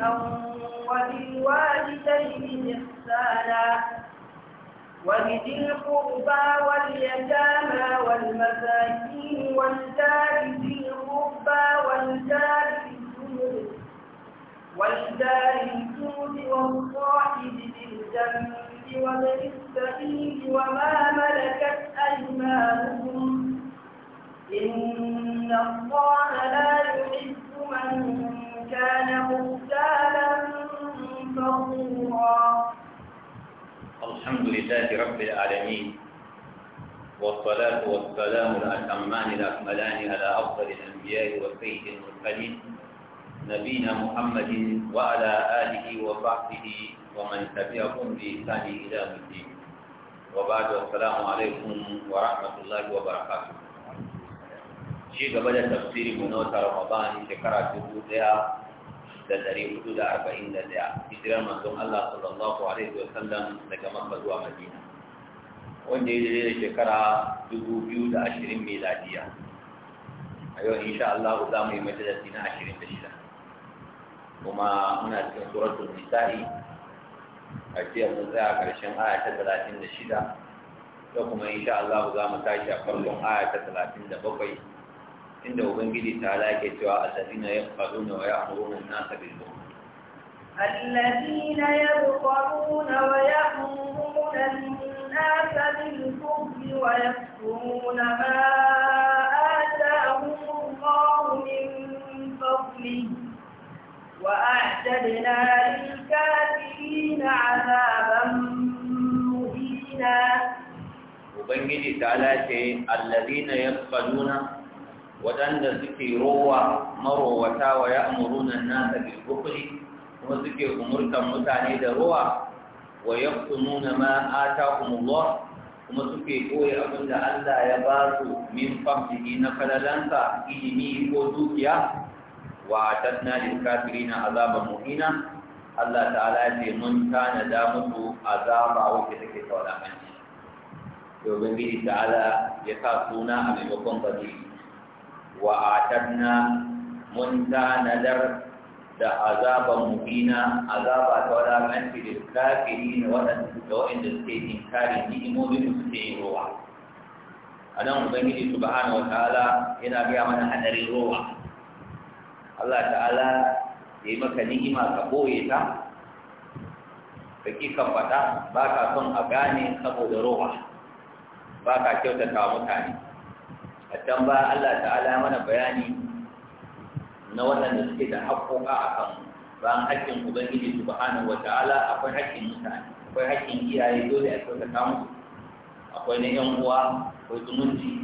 شيئا وبالوالدين إحسانا وبذي القربى واليتامى والمساكين والدار ذي القربى والدار الجنود والدار الجنود والصاحب بالجنب وابن السبيل وما ملكت أيمانكم إن الله لا يحب من كان مختالا فخورا الحمد لله رب العالمين والصلاة والسلام الأتمان الأكملان على أفضل الأنبياء وسيد المرسلين نبينا محمد وعلى آله وصحبه ومن تبعهم بإحسان إلى الدين وبعد السلام عليكم ورحمة الله وبركاته ci gaba تفسير tafsirin mu na wata Ramadan da ɗari hudu da arba'in da ɗaya hijirar manzon Allah sallallahu alaihi wa sallam daga Makka zuwa Madina wanda ya daidai da shekara dubu biyu da ashirin miladiya a yau insha Allah za mu yi majalisi na ashirin da shida kuma muna cikin suratul nisa'i a jiya mun tsaya ƙarshen aya ta talatin da shida da kuma insha Allah za mu tashi a farkon aya talatin da bakwai inda ubangiji ta alaƙe cewa allazina yaquluna wa ya'muruna an-nasa الذين يبخلون ويأمرون الناس بالكفر ويكفرون ما آتاهم الله من فضل وأعتدنا للكافرين عذابا مهينا وبنجي تعالى الذين يبخلون waɗanda suke rowa marowata wa ya amuruna nasa bil kuma suke umurtan mutane da rowa wa yaqtumuna ma ataakumullah kuma suke koya abin da Allah ya ba su min fahimi na falalansa ilimi ko dukiya wa tatna lil kafirina azaban muhina Allah ta'ala ya ce mun tanada musu azaba wacce take taulamanci to bin ta'ala ya sa suna a maimakon bazili wa atanna mun tanadar da azaban mubina azaba ta wadatanci da kafiri na waɗanda waɗanda suke inkari da suke yi rowa a nan ubangiji subhanahu wa ta'ala yana gaya mana hadarin rowa Allah ta'ala ya yi maka ni'ima ka boye ta ka ki ka faɗa ba ka son a gane saboda rowa ba ka kyautata mutane a can ba Allah ta'ala mana bayani na waɗanda suke da haƙƙoƙa a kan bayan haƙƙin ubangiji subhanahu wa ta'ala akwai haƙƙin mutane akwai haƙƙin iyaye dole a kyautata musu akwai na ƴan uwa akwai zumunci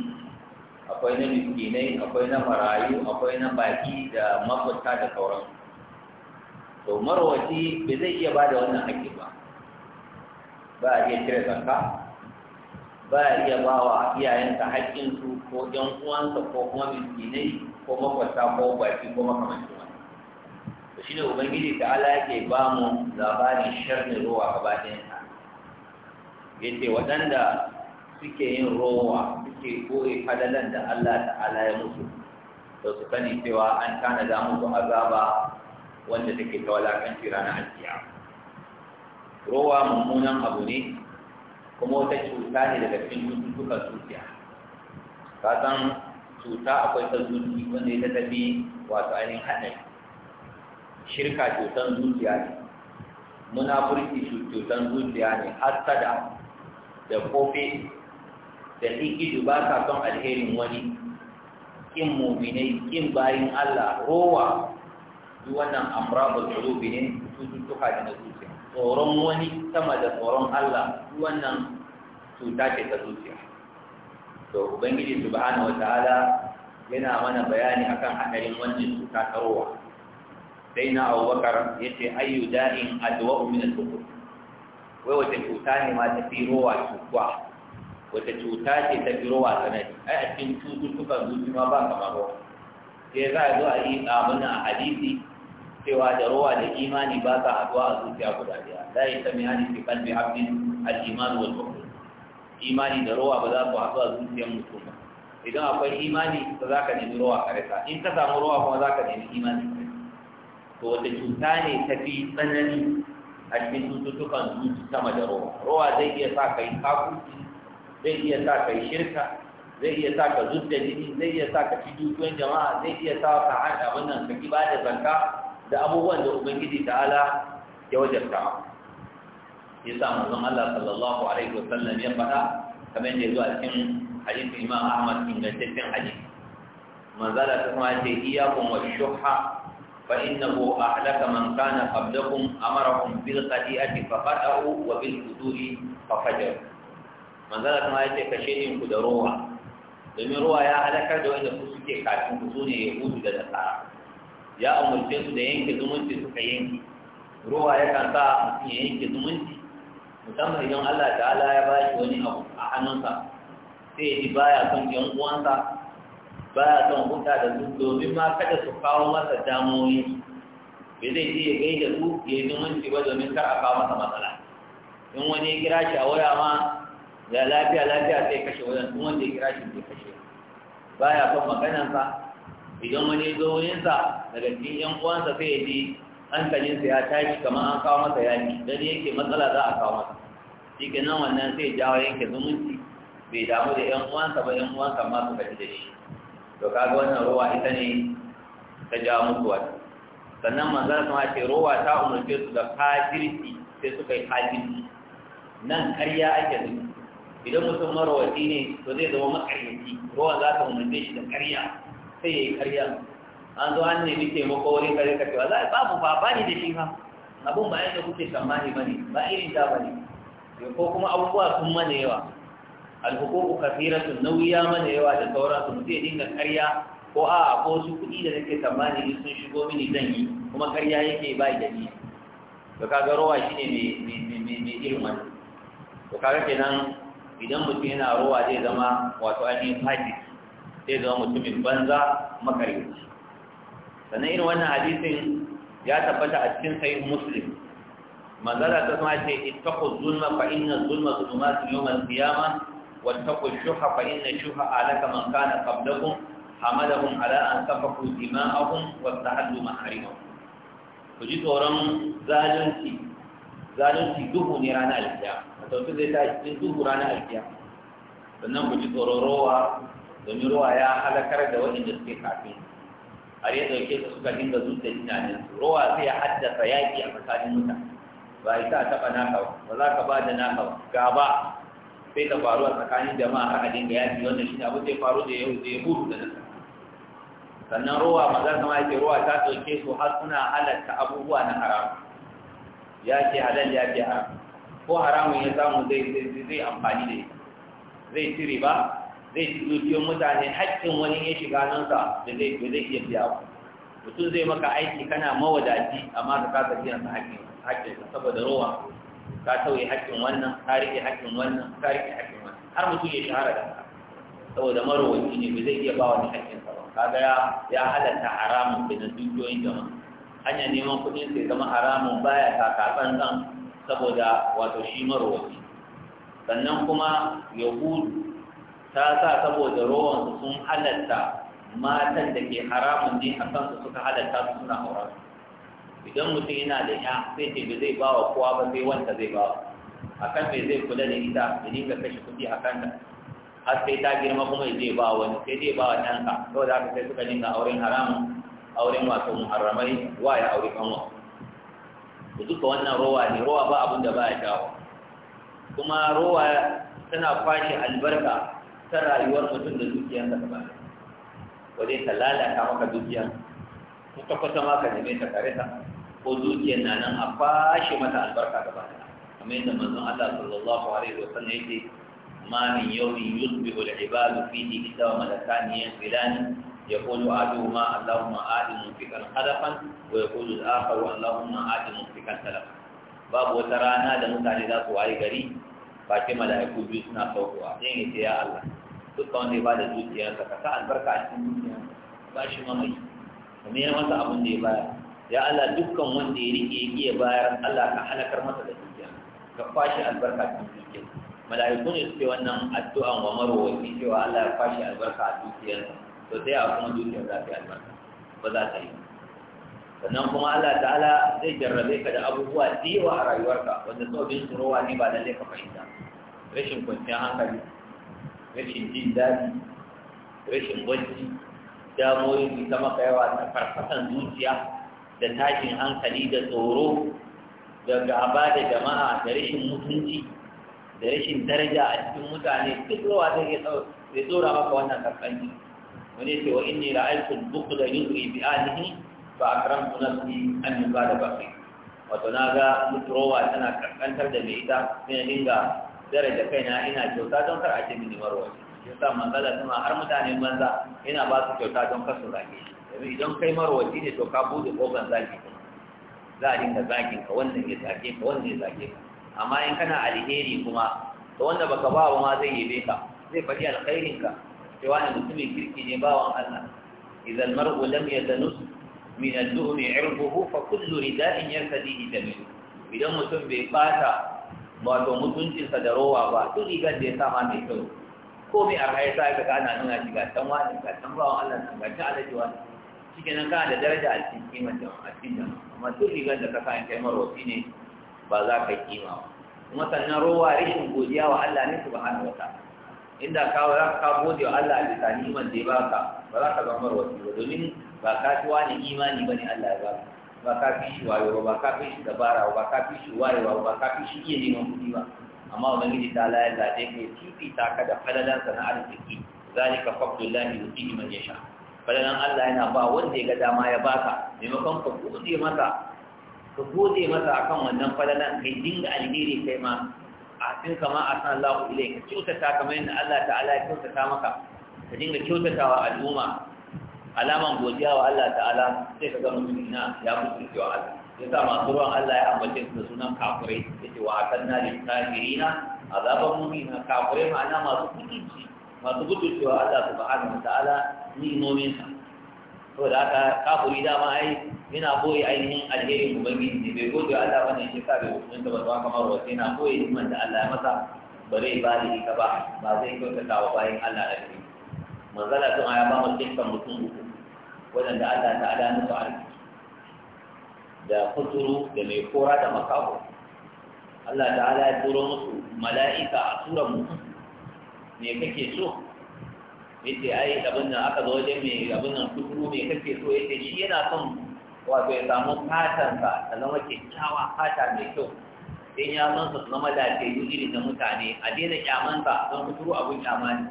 akwai na miskinai akwai na marayu akwai na baki da makwabta da sauran to marwaci bai zai iya bada wannan haƙƙi ba ba a iya cire zanka ba a iya ba wa iyayensa haƙƙinsu ko ɗan uwansa ko kuma miskinai ko makwata ko baki ko makamancin wani to shine ubangiji ta ala yake ba mu labarin sharrin ruwa gaba Ya ce waɗanda suke yin rowa suke koyi fadalan da Allah ta'ala ya mutu, to su sani cewa an tanada a azaba wanda take ta walakanci rana alkiya rowa mummunan abu ne kuma wata cuta ne daga cikin cututtukan zuciya Kasan cuta akwai ta zuci wanda ita ta fi wato ainihin haɗari shirka cutan zuciya ne munafurci cutan zuciya ne hasada da kofi da hikidu ba sa son alherin wani kin mominai kin bayin Allah rowa duk wannan amrabul qulubi ne cututtuka da na zuciya tsoron wani sama da tsoron Allah duk wannan cuta ce ta zuciya to ubangiji subhanahu wataala yana mana bayani akan hadarin wannan cuta ta ruwa sai na abubakar ya ce ayyu da'in adwa'u min al-kufur wai wata cuta ne ma ta fi ruwa cutuwa wata cuta ce ta fi ruwa sanadi ai a cikin cututtukan zuci ma ba kamar ruwa sai za a zo a yi abuna a hadisi cewa da ruwa da imani ba sa haɗuwa a zuciya guda ɗaya la yasmi hadisi qalbi abdin al-iman wal kufur imani da rowa ba za ku haɗu a zuciyar mutum ba idan akwai imani ba za ka nemi rowa a rasa in ka samu rowa kuma za ka nemi imani to wata cuta ne ta fi tsanani a cikin cututtukan zuci sama da rowa rowa zai iya sa ka yi kakuci zai iya sa ka yi shirka zai iya sa ka zub da jini zai iya sa ka ci dukiyar jama'a zai iya sa ka haɗa wannan ka ki ba da zanka da abubuwan da ubangiji ta'ala ya wajarta ya sa manzon Allah sallallahu alaihi wa sallam ya faɗa kamar yadda zuwa cikin hadisin Imam Ahmad ingantaccen hadisi manzala ta kuma ce wa man iyyakum bil shuhha فإنه أهلك من كان قبلكم أمرهم بالخطيئة فخطأوا وبالفجور ففجروا من ذلك ما يتي da ruwa. domin ruwa ya halakar da wanda su suke kafin ku su ne yahudu da nasara ya umarce su da yanke zumunci suka yanke ruwa ya kan sa mutum ya yanke zumunci musamman idan Allah ta'ala ya bashi wani abu a hannunsa sai ji baya son yan uwansa baya son huta da su domin ma kada su kawo masa damuwoyi bai zai iya da su ya yi zumunci ba domin kar a kawo masa matsala in wani ya kira shi a waya ma ya lafiya lafiya sai kashe wajen in wanda ya kira shi zai kashe baya son maganansa idan wani ya zo wurinsa daga cikin yan uwansa sai ya ji hankalinsa ya tashi kamar an kawo masa yaki don yake matsala za a kawo masa shi nan wannan sai jawo yanke zumunci bai damu da yan uwansa ba yan uwansa ma su kaji da shi to kaga wannan ruwa ita ne ta jawo musu wata sannan manzan sama ce ruwa ta umarce su da kafirci sai suka yi kafirci nan karya ake nufi idan mutum marawaci ne to zai zama makaryaci ruwa za ta umarce shi da karya sai ya yi karya an zo an nemi taimako wurin kare ka cewa za babu ba ba ni da shi ha abun ba yadda kuke tsammani ba ne ba irin da ba ne ko kuma abubuwa sun mana yawa alhukuku sun nauyi ya mana yawa da sauransu mutum ya dinga karya ko a ko su kuɗi da nake tsammani in sun shigo mini zan yi kuma karya yake ba da ni to kaga rowa shine mai irin wannan to kaga kenan idan mutum yana rowa zai zama wato ainihin hajji zai zama mutumin banza makaryaci sannan irin wannan hadisin ya tabbata a cikin sahih muslim manzala ta kuma ce ittaqu zulma fa inna zulma zulumatun yawm al-qiyamah wattaqu shuha fa inna shuha alaka man kana qablakum hamadahum ala an safaku dima'ahum wa tahallu maharimahum ku ji tsoron zalunci zalunci duhu ne ranar alkiya a tafi zai ta cikin duhu ranar alkiya sannan ku ji tsoron rowa domin rowa ya halakar da waɗanda suke kafin har ya dauke su suka dinga zuta tunanin rowa ya haddasa yaƙi a tsakanin mutane ba isa taɓa naka ba za ka ba da naka ba gaba sai ta faru a tsakanin jama'a har a dinga yaƙi wannan shine abu zai faru da yau zai buru da nasa sannan rowa ka kama yake rowa ta dauke su har suna halatta abubuwa na haram ya ce halal ya ce haram ko haramun ya samu zai zai amfani da ita zai ci riba zai ci dukiyar mutane haƙƙin wani ya shiga nansa da zai zai iya biya ku mutum zai maka aiki kana mawadaci amma ka kasa biyan sa haƙƙin haƙƙin saboda rowa ka tauye haƙƙin wannan ka rike haƙƙin wannan ka rike haƙƙin wannan har mutum ya shahara da ka saboda marowaci ne ba zai iya ba wani haƙƙin sa ba kaga ya ya halatta haramun kenan dukiyoyin jama'a hanya neman kuɗin sai zama haramun baya kakatsantsan saboda wato shi marowaci sannan kuma yahudu ta sa saboda rowan sun halatta matan da ke haramun ne a kansu suka halatta su suna aura idan mutum yana da ya sai ce bai zai ba wa kowa ba sai wanda zai ba wa a mai zai kula da ita ya dinga kashe kuɗi a kanta har sai ta girma kuma ya zai ba wani sai zai ba wa ɗanka saboda haka sai suka dinga auren haramun auren wato muharramai wa ya auri kanwa Ku duka wannan rowa ne rowa ba abin da ba ya jawo kuma rowa tana kwashe albarka ta rayuwar mutum da dukiyar da ba wajen ta lalata maka dukiyar ko ta kwata maka neme ta kare ta ko dukiyar na nan a bashi mata albarka gaba ɗaya kamar yadda manzon Allah sallallahu alaihi wa sallam yake ma min yawmi yusbihu al-ibadu fihi idda wa malakani yanfilan yaqulu aduma allahumma a'tini mufikan hadafan wa yaqulu al-akharu allahumma a'tini mufikan talafan babu wata rana da mutane za su wayi gari face mala'iku biyu suna saukowa ɗayan yi ce ya Allah duk wanda ya ba da zuciyarsa ka sa albarka a cikin zuciyarsa ba shi mamaki. ka mayar masa abin da ya bayar ya Allah dukkan wanda ya rike iya bayar Allah ka halakar masa da zuciya ka kwashe albarka cikin zuciya mala'iku ne suke wannan addu'an wa marwaci cewa Allah ya kwashe albarka a zuciyarsa to sai a kuma zuciyar za ta yi albarka ba za ta yi sannan kuma Allah ta'ala zai jarrabe ka da abubuwa da yawa a rayuwarka wanda sabbin rowa ne ba lalle ka fahimta rashin kwanciyar hankali rashin jin daɗi rashin bacci damoyin su ta maka yawa ta farfasan zuciya da tashin hankali da tsoro da gaba da jama'a da rashin mutunci da rashin daraja a cikin mutane duk rawa zai iya tsora maka wannan karkanci wani ce wa inni ra'aytu al-bukhla yuzri bi ahlihi ba a karan sunansu an yi ba da wato na ga muturowa tana kankantar da mai ita sai dinga, dinga daraja kaina ina kyauta don kar a ce mini marwa ya sa manzala suna har mutane banza ina ba su kyauta don kar su rage domin idan kai marwaci ne to ka bude ƙofar zaki kuma za a dinga zakin ka wannan ya zake ka wannan ya zake ka amma in kana alheri kuma to wanda baka ba wa ma zai yebe ka zai faɗi alkhairin ka cewa ne mutumin kirki ne bawan Allah idan mar'u lam yatanus min al-luhmi irbuhu fa kullu rida'in yartadihi jamil idan mutum bai bata wato mutuncinsa da rowa ba duk rigar da ya sama mai kyau ko mai arha ya sa ka ana nuna shi ga can wani ga can bawan Allah nan ga can alaji wani shi nan kana da daraja a cikin kimar jama'a a cikin jama'a amma duk rigar da ka sa in kai marwaci ne ba za ka kima ba kuma sannan rowa rashin godiya wa Allah ne subhanahu wa ta'ala inda ka ka gode wa Allah a bisa ni'imar da ya baka ba za ka zama marwaci ba domin ba ka fi wani imani ne Allah ya baka ba ka fi shi wayo ba ka fi shi dabara ba ka fi shi wayewa ba ka fi shi iya neman kuɗi ba amma ubangiji ta la ya zaɓe ka ya fifita ka da falalan sana arziki zalika fadlullahi yutihi man yasha falalan Allah yana ba wanda ya ga dama ya baka maimakon ka gode masa ka gode masa akan wannan falalan kai dinga alheri kai ma a cikin kama a san Allah ilai ka kyautata kamar yadda Allah ta'ala ya kyautata maka ka dinga kyautatawa al'umma alaman godiya wa Allah ta'ala sai ka ga mutum na ya mutu cewa Allah ya sa masu ruwan Allah ya ambace su da sunan kafirai ya ce wa akan na da kafirina azaban mumina kafirai ma'ana masu kutunci masu kutunci wa Allah subhanahu wa ta'ala ni'imominsa saboda haka kafiri dama ai yana boye ainihin alherin ubangiji ne bai gode Allah ne ya sa bai mutunta ba zuwa kamar wasu yana boye himan da Allah ya masa ba zai ba da ita ba ba zai kyautata wa bayan Allah da shi manzala tun ya ba mu dukkan mutum uku waɗanda Allah ta'ala nufa arziki da kuturu da mai kora da makaho Allah ta'ala ya turo musu mala'ika a tura mu me kake so yace ai abin nan aka zo wajen mai abin nan kuturu me kake so yace shi yana son wato ya samu ka ta zama kyakkyawa fata mai kyau sai ya mansa su zama lafiyayyu irin na mutane a daina kyamansa don kuturu abin kyama ne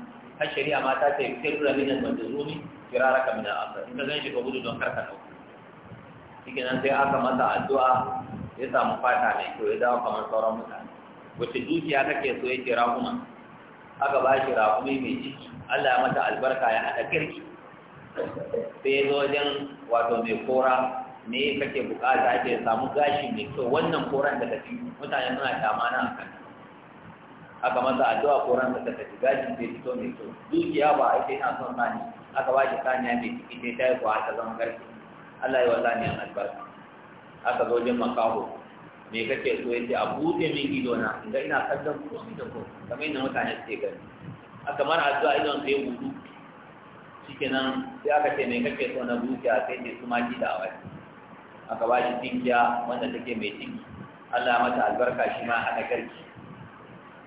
har shari'a ma ta ce da minan bandazumi firaraka min al-asr in ka ganshi ka gudu don karka shi ke nan sai aka masa addu'a ya samu fata mai kyau ya dawo kamar sauran mutane wacce dukiya kake so ya kira kuma? aka ba shi raƙumi mai ciki Allah ya mata albarka ya haɗa kirki sai ya zo wajen wato mai kora ne kake bukata ake samu gashi mai kyau wannan koran da tafi mutane suna tamana a kan aka masa addu'a koran da tafi gashi bai fito mai kyau dukiya ba ake yana son sani aka ba shi saniya mai ciki sai ta yi kuwa ta zama ƙarfi Allah yi wa saniyan albarka aka zo jin makaho me kake so yace a buɗe min ido na inda ina kallon komai da komai kamar yadda mutane suke gani aka mara addu'a idon sai buɗu shikenan sai aka ce me kake so na zuciya sai ce su ma ji da awai aka ba shi tinkiya wanda take mai ciki Allah mata albarka shi ma aka karki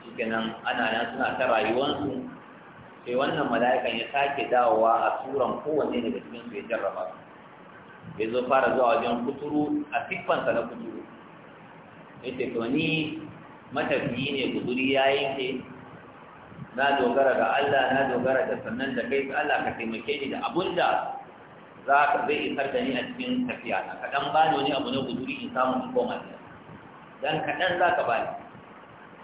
shikenan ana nan suna ta rayuwansu sai wannan mala'ikan ya sake dawowa a turan kowanne daga cikin su ya jarraba su ya zo fara zuwa wajen kuturu a siffansa na kuturu ya ce to ni matafiyi ne guduri ya ke na dogara ga Allah na dogara da sannan da kai Allah ka taimake ni da abun da za ka zai isar da ni a cikin tafiya na kaɗan ba ni wani abu na guduri in samu in koma gida dan kaɗan za ka ba ni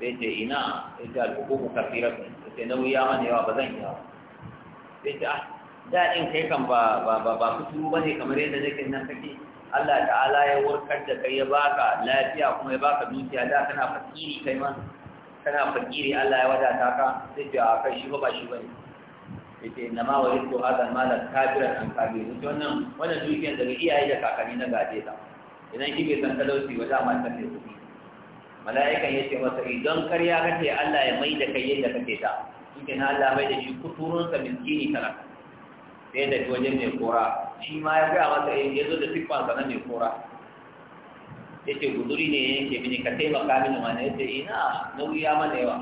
sai ce ina ya ce al'ukuku sun sai nauyi ya mana yawa ba zan yawa sai a ah, da in kai kan ba ba ba ba ba ne kamar yadda nake nan kake Allah ta'ala ya warkar da kai ya baka lafiya kuma ya baka dukiya da kana fakiri kai ma kana fakiri Allah ya wadata ka sai a kai shi ba ba shi bane yake ma wa yadda hada mala kafira an kabi wuce wannan wannan dukiyan daga iyaye da kakanni na gaje ta idan shi bai san talauci ba dama ta sai kuɗi mala'ikan ya ce masa idan karya kake Allah ya mai da kai yadda kake ta shi na Allah mai da shi kuturunsa miskini kana sai da wajen mai kora shi ma ya gaya masa eh, ya zo da siffansa na mai kora ya ce guduri ne yake mini ka taimaka mini mana ya ce ina nauyi ya mana yawa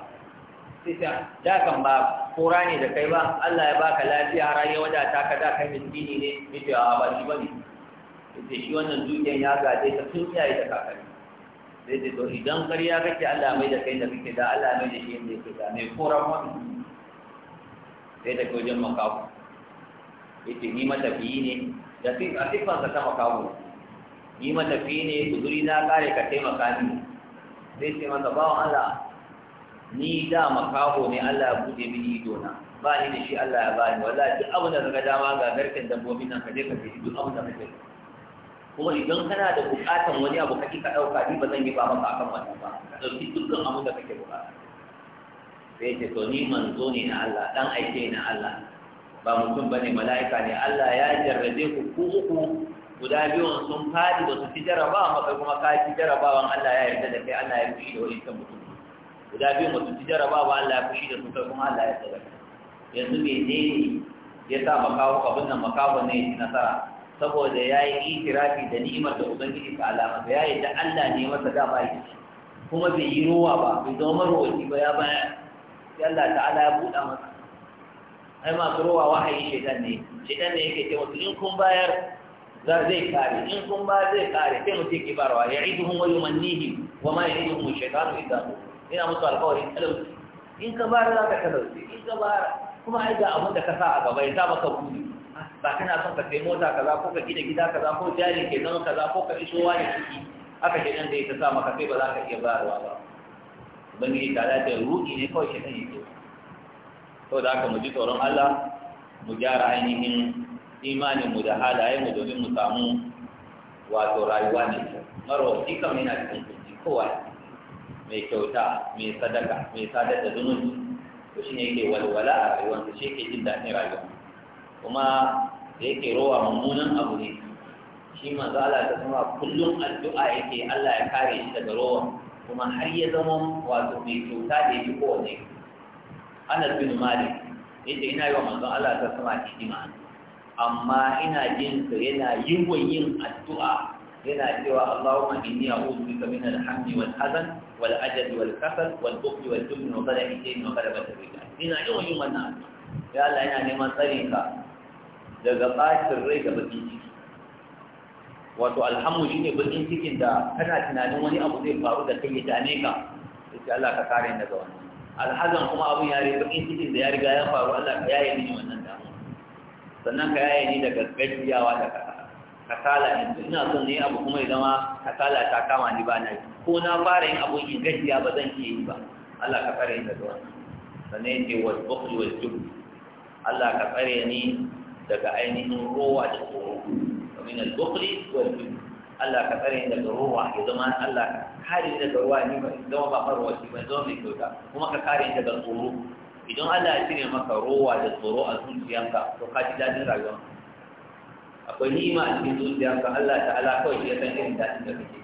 sai da kan ba kora ne da kai ba Allah ya baka lafiya har ya ta ka da kai miskini ne ya ce a ba shi ba ne ya ce shi wannan dukiyan ya gaje ta tun iyaye da kakari. sai ce to idan ƙarya kake Allah mai da kai da kake da Allah mai da shi inda yake da mai koran wani sai da wajen makawo yace ni fi ne da sai a sifan ka ta makawo ni matafiyi ne guduri na kare ka taimaka ni sai ce masa bawan Allah ni da makawo ne Allah ya bude mini ido na ba ni da shi Allah ya bani wallahi duk abin da kaga dama ga garken dabbobin nan ka je ka ce duk abin da kake kuma idan kana da bukatan wani abu kake ka dauka ni ba zan yi ba maka akan wani ba dauki dukkan abin da kake bukata sai ce to ni manzo ne na Allah dan aike ne na Allah ba mutum bane mala'ika ne Allah ya jarrabe ku ku uku guda biyun sun fadi ba su ci jarrabawa ba kai kuma ka ci jarabawan Allah ya yarda da kai Allah ya fushi da wani kan mutum guda biyu ba su ci jarabawa Allah ya fushi da su kai kuma Allah ya yarda da kai yanzu ya sa makawo abin nan makawo ne nasara saboda ya yi itirafi da ni'imar da ubangiji ta alama da ya yi da Allah ne masa da ba yi kuma bai yi ruwa ba bai zama marowaci ba ya baya sai Allah ta'ala ya buɗa masa ai masu ruwa wahayi shaitan ne shaitan ne yake ce wasu in kun bayar za zai kare in kun ba zai kare sai mutum ke barwa ya idu hun wayo mannihi wa ma ya idu hun shaitanu idan ina musu alƙawarin talauci in ka bayar za ka talauci in ka bayar kuma ai ga abin da ka sa a gaba ya sa maka buɗe ba kana son ka sai mota kaza ko ka gina gida kaza ko jari ke zama kaza ko ka iso wani ciki haka ke nan da ya ta sa maka sai ba za ka iya bayarwa ba ubangiji ta da ruɗi ne kawai shekan yake to da aka mu ji tsoron Allah mu gyara ainihin imanin mu da halaye mu domin mu samu wato rayuwa ne marwaci kam yana cikin kunci kowa mai kyauta mai sadaka mai sadar da zumunci to shi ne yake walwala a rayuwarsa shi yake jin daɗin rayuwa kuma da yake rowa mummunan abu ne shi manzo Allah ta kuma kullum addu'a yake Allah ya kare shi daga rowa kuma har ya zama wato mai kyauta da yake kowane Anas bin Malik yace ina yi wa manzo Allah ta kuma hidima amma ina jin sa yana yiwon yin addu'a yana cewa Allahumma inni a'udhu bika min al-hammi wal hazan wal ajal wal kasal wal bukhli wal jubn wa ghalabi shay'in wa ghalabat ar-rijal ina yiwon yin wannan ya Allah ina neman tsarin ka daga ɓatar rai da baki ciki wato alhamu shi ne bakin cikin da kana tunanin wani abu zai faru da kai ya dame ka sai Allah ka kare ni daga wannan alhazan kuma abun ya rai bakin cikin da ya riga ya faru Allah ka yaye ni wannan damuwa sannan ka yaye ni daga gajiyawa da kasa kasala in ina son ne abu kuma ya zama kasala ta kama ni ba na yi ko na fara yin abun in gajiya ba zan iya yi ba Allah ka kare ni daga wannan sannan ya ce wal bukhli wal jubn Allah ka tsare ni daga ainihin ruwa da tsoro min al-bukhli wal Allah ka tsare daga ruwa ya zama Allah ka kare daga ruwa ni ba zama ba farwa shi ba zama mai kyauta kuma ka kare daga tsoro idan Allah ya cire maka ruwa da tsoro a zuciyanka to ka ji dadin rayuwa akwai ni'ima a cikin zuciyanka Allah ta ta'ala kawai shi ya san irin dadin da kake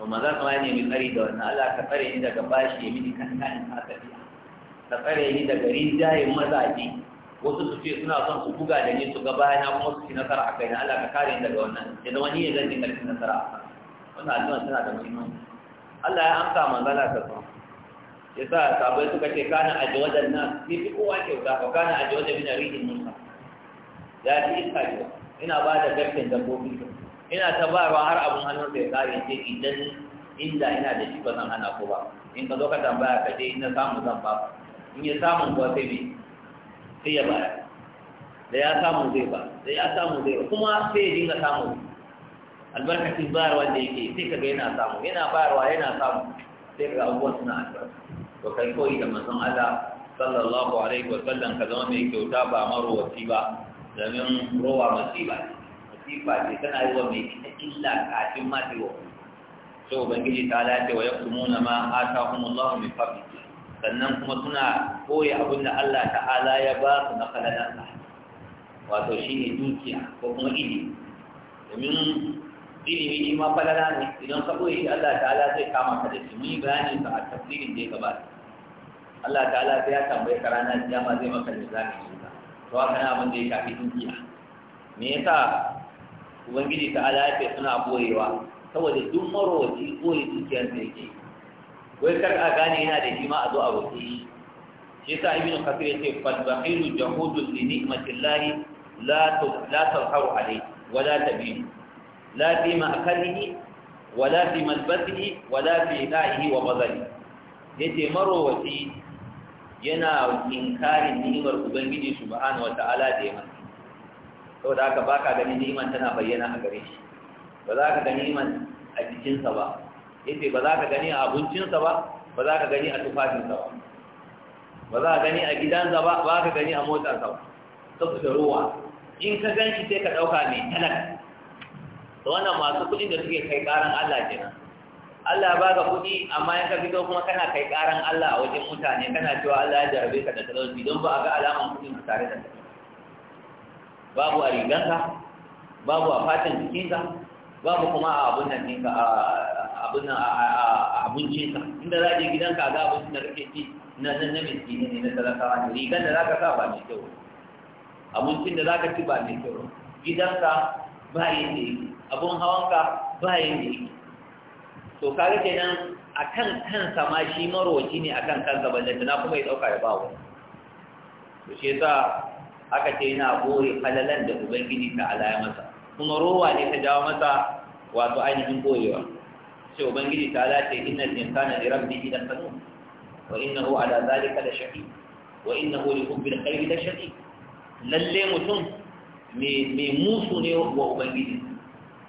to maza kuma ya nemi tsari da wannan Allah ka tsare ni daga bashi ya mini kan kan ka ka tsare ni daga rinjayen mazaje wasu su ce suna son su buga da ni su ga bayana kuma su ci nasara a kai na Allah ka kare ni daga wannan ya zama ni ya zan dinga cin nasara a kan wannan addu'a tana da muhimmanci Allah ya amsa manzala ta son ya sa sabai suka ce kana ajwadan na ni fi kowa kyauta ko kana ajwadan min rihin musa ya fi iska kyau ina ba da garken dabbobi ina ta ba ruwa har abin hannun da ya kare ce idan inda ina da shi ba zan hana ko ba in ka zo ka tambaya ka ce ina samu zan ba in ya samu ko sai sai ya baya da ya samu zai ba da ya samu zai ba kuma sai ya dinga samu albarkacin bayarwa da yake sai ka ga yana samu yana bayarwa yana samu sai ka ga abubuwan suna albarka to kai koyi da manzon Allah sallallahu alaihi wa sallam ka zama mai kyauta ba maro wasi ba domin rowa masifa masifa ce tana yi wa mai kita illa kafin ma ta yi wa so ubangiji ta lafiya wa yaqtumuna ma atahumullahu min fadlihi sannan kuma suna koya abin da Allah ta'ala ya ba su na falalansa wato shi ne dukiya ko kuma ilimi domin ilimi shi ma falala ne idan ka koyi shi Allah ta'ala zai kama ka da shi mun yi bayani ba a tafsirin da ya gabata Allah ta'ala sai ya tambaye ka da ma zai maka lissafi yi ba to haka na abin da ya shafi dukiya me yasa ubangiji ta'ala ya ce suna koyewa saboda duk marowaci koyi dukiyar da yake yi wai kar a gane yana da hima a zo a roƙe shi shi yasa ibn kasir yace fal jahudu jahudun li ni'matillahi la la tazharu alayhi wa la tabin la fi ma'kalihi wa la fi malbasihi wa la fi da'ihi wa badali yace wasi yana inkarin ni'imar ubangiji subhanahu wa ta'ala da ya masa saboda haka baka ganin ni'imar tana bayyana a gare shi ba za ka ga ni'imar a jikinsa ba yace ba za ka gani a abincinsa ba ba za ka gani a tufafinsa ba ba za ka gani a gidansa ba ba ka gani a motarsa ba saboda ruwa in ka gan shi sai ka ɗauka mai talaka da wannan masu kuɗin da suke kai ƙaran Allah kenan Allah ba ka kuɗi amma in ka fito kuma kana kai ƙaran Allah a wajen mutane kana cewa Allah ya jarabe ka da talauci don ba a ga alaman kuɗin ka tare da kai babu a riganka babu a fatan jikinka babu kuma a abun nan ɗinka a abun nan a abincinka inda za a je gidanka a ga abincin da kake ci na nan na miski ne na talakawa ne rigar da za ka sa ba mai kyau abincin da za ka ci ba mai kyau gidanka ba yadda yi. abun hawanka ba yadda yi. to rike nan a kan kansa ma shi marwaci ne a kan kansa ba na kuma ya ɗauka ya ba wani to shi sa aka ce yana gore halalan da ubangiji ta ala ya masa kuma rowa ne ta jawo masa wato ainihin koyewa sai ubangiji ta dace inna al-insana li rabbihi lakanun wa innahu ala zalika la shaqi wa innahu li hubbil qalbi la shaqi lalle mutum mai musu ne wa ubangiji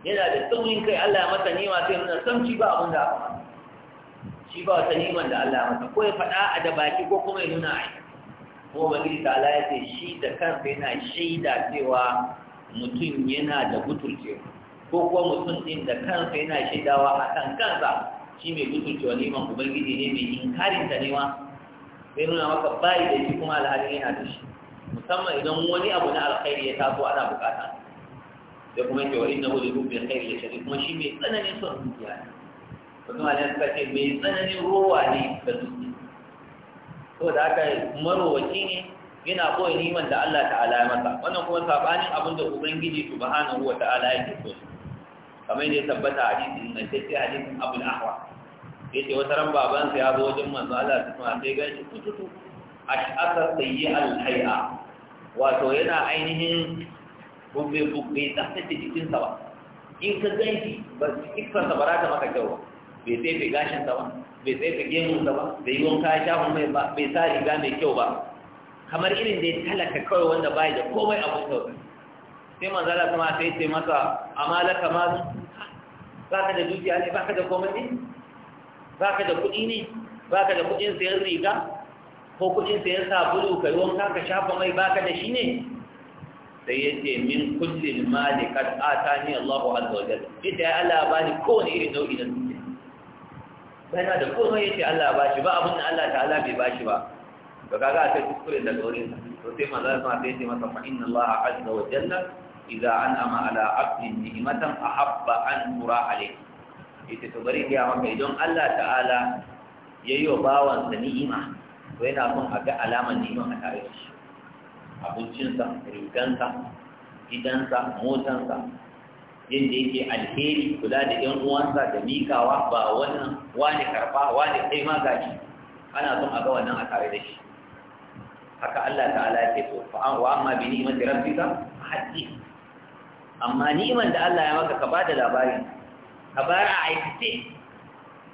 yana da tsaurin kai Allah ya masa nima sai nuna samci ba abin da aka shi ba wata niman da Allah ya masa ko ya faɗa a da baki ko kuma ya nuna a ko ubangiji ta ala ya ce shi da kansa yana shaida cewa mutum yana da butulce ko kuwa mutum ɗin da kansa yana shaidawa a kan kansa shi mai wani neman ubangiji ne mai inkarin ta nema sai nuna maka bayi da shi kuma alhali yana da shi musamman idan wani abu na alkhairi ya taso ana bukata da kuma ke wani na hu li alkhairi ya shari kuma shi mai tsananin son dukiya ne wasu ma ne suka ce mai tsananin rowa ne da dukiya saboda haka marowaci ne yana koyi niman da Allah ta'ala ya masa wannan kuma sabani abin da ubangiji subhanahu wa ta'ala yake so kamar yadda tabbata hadisi hadisin nan sai hadisin abul ahwa yace wata ran baban sa ya zo wajen manzo Allah ta kuma sai ga shi kututu ash'asa sayyi al-hay'a wato yana ainihin bubbe bubbe da jikin sa ba in ka ganki ba iskar sa barata maka kyau bai sai bai gashin sa ba bai sai bai gemun sa ba bai yi wanka ya shafa mai ba bai sa riga mai kyau ba kamar irin da ya talaka kawai wanda bai da komai abu sau sai manzala kuma sai ce masa A ma Ba ka da dukiya ne ba ka da komai ne ba ka da kuɗi ne ba ka da kuɗin sayan riga ko kuɗin sayan sabulu kai wanka ka shafa mai ba ka da shi ne sai ya ce min kullin mali kad atani Allahu azza wa jalla ita ya Allah bani kowane irin nau'i na dukiya Bana da komai ya ce Allah ba shi ba abin da Allah ta'ala bai ba shi ba to kaga a sai kuskure da dorin to sai manzo sa sai ce masa fa inna Allah azza wa jalla idza an'ama ala 'abdin ni'matan ahabba an tura alayhi ita to bari ya maka idan Allah ta'ala yayi wa bawan sa ni'ima to yana son a ga alaman ni'ima a tare da shi abincinsa rigansa gidansa motansa yadda yake alheri kula da ‘yan uwansa da mikawa ba wannan wani karfa wani kai ma gashi ana son a ga wannan a tare da shi haka Allah ta'ala yake so fa an wa amma bi ni'mati rabbika hadith amma ni'man da Allah ya maka ka bada labari ka bar a aikace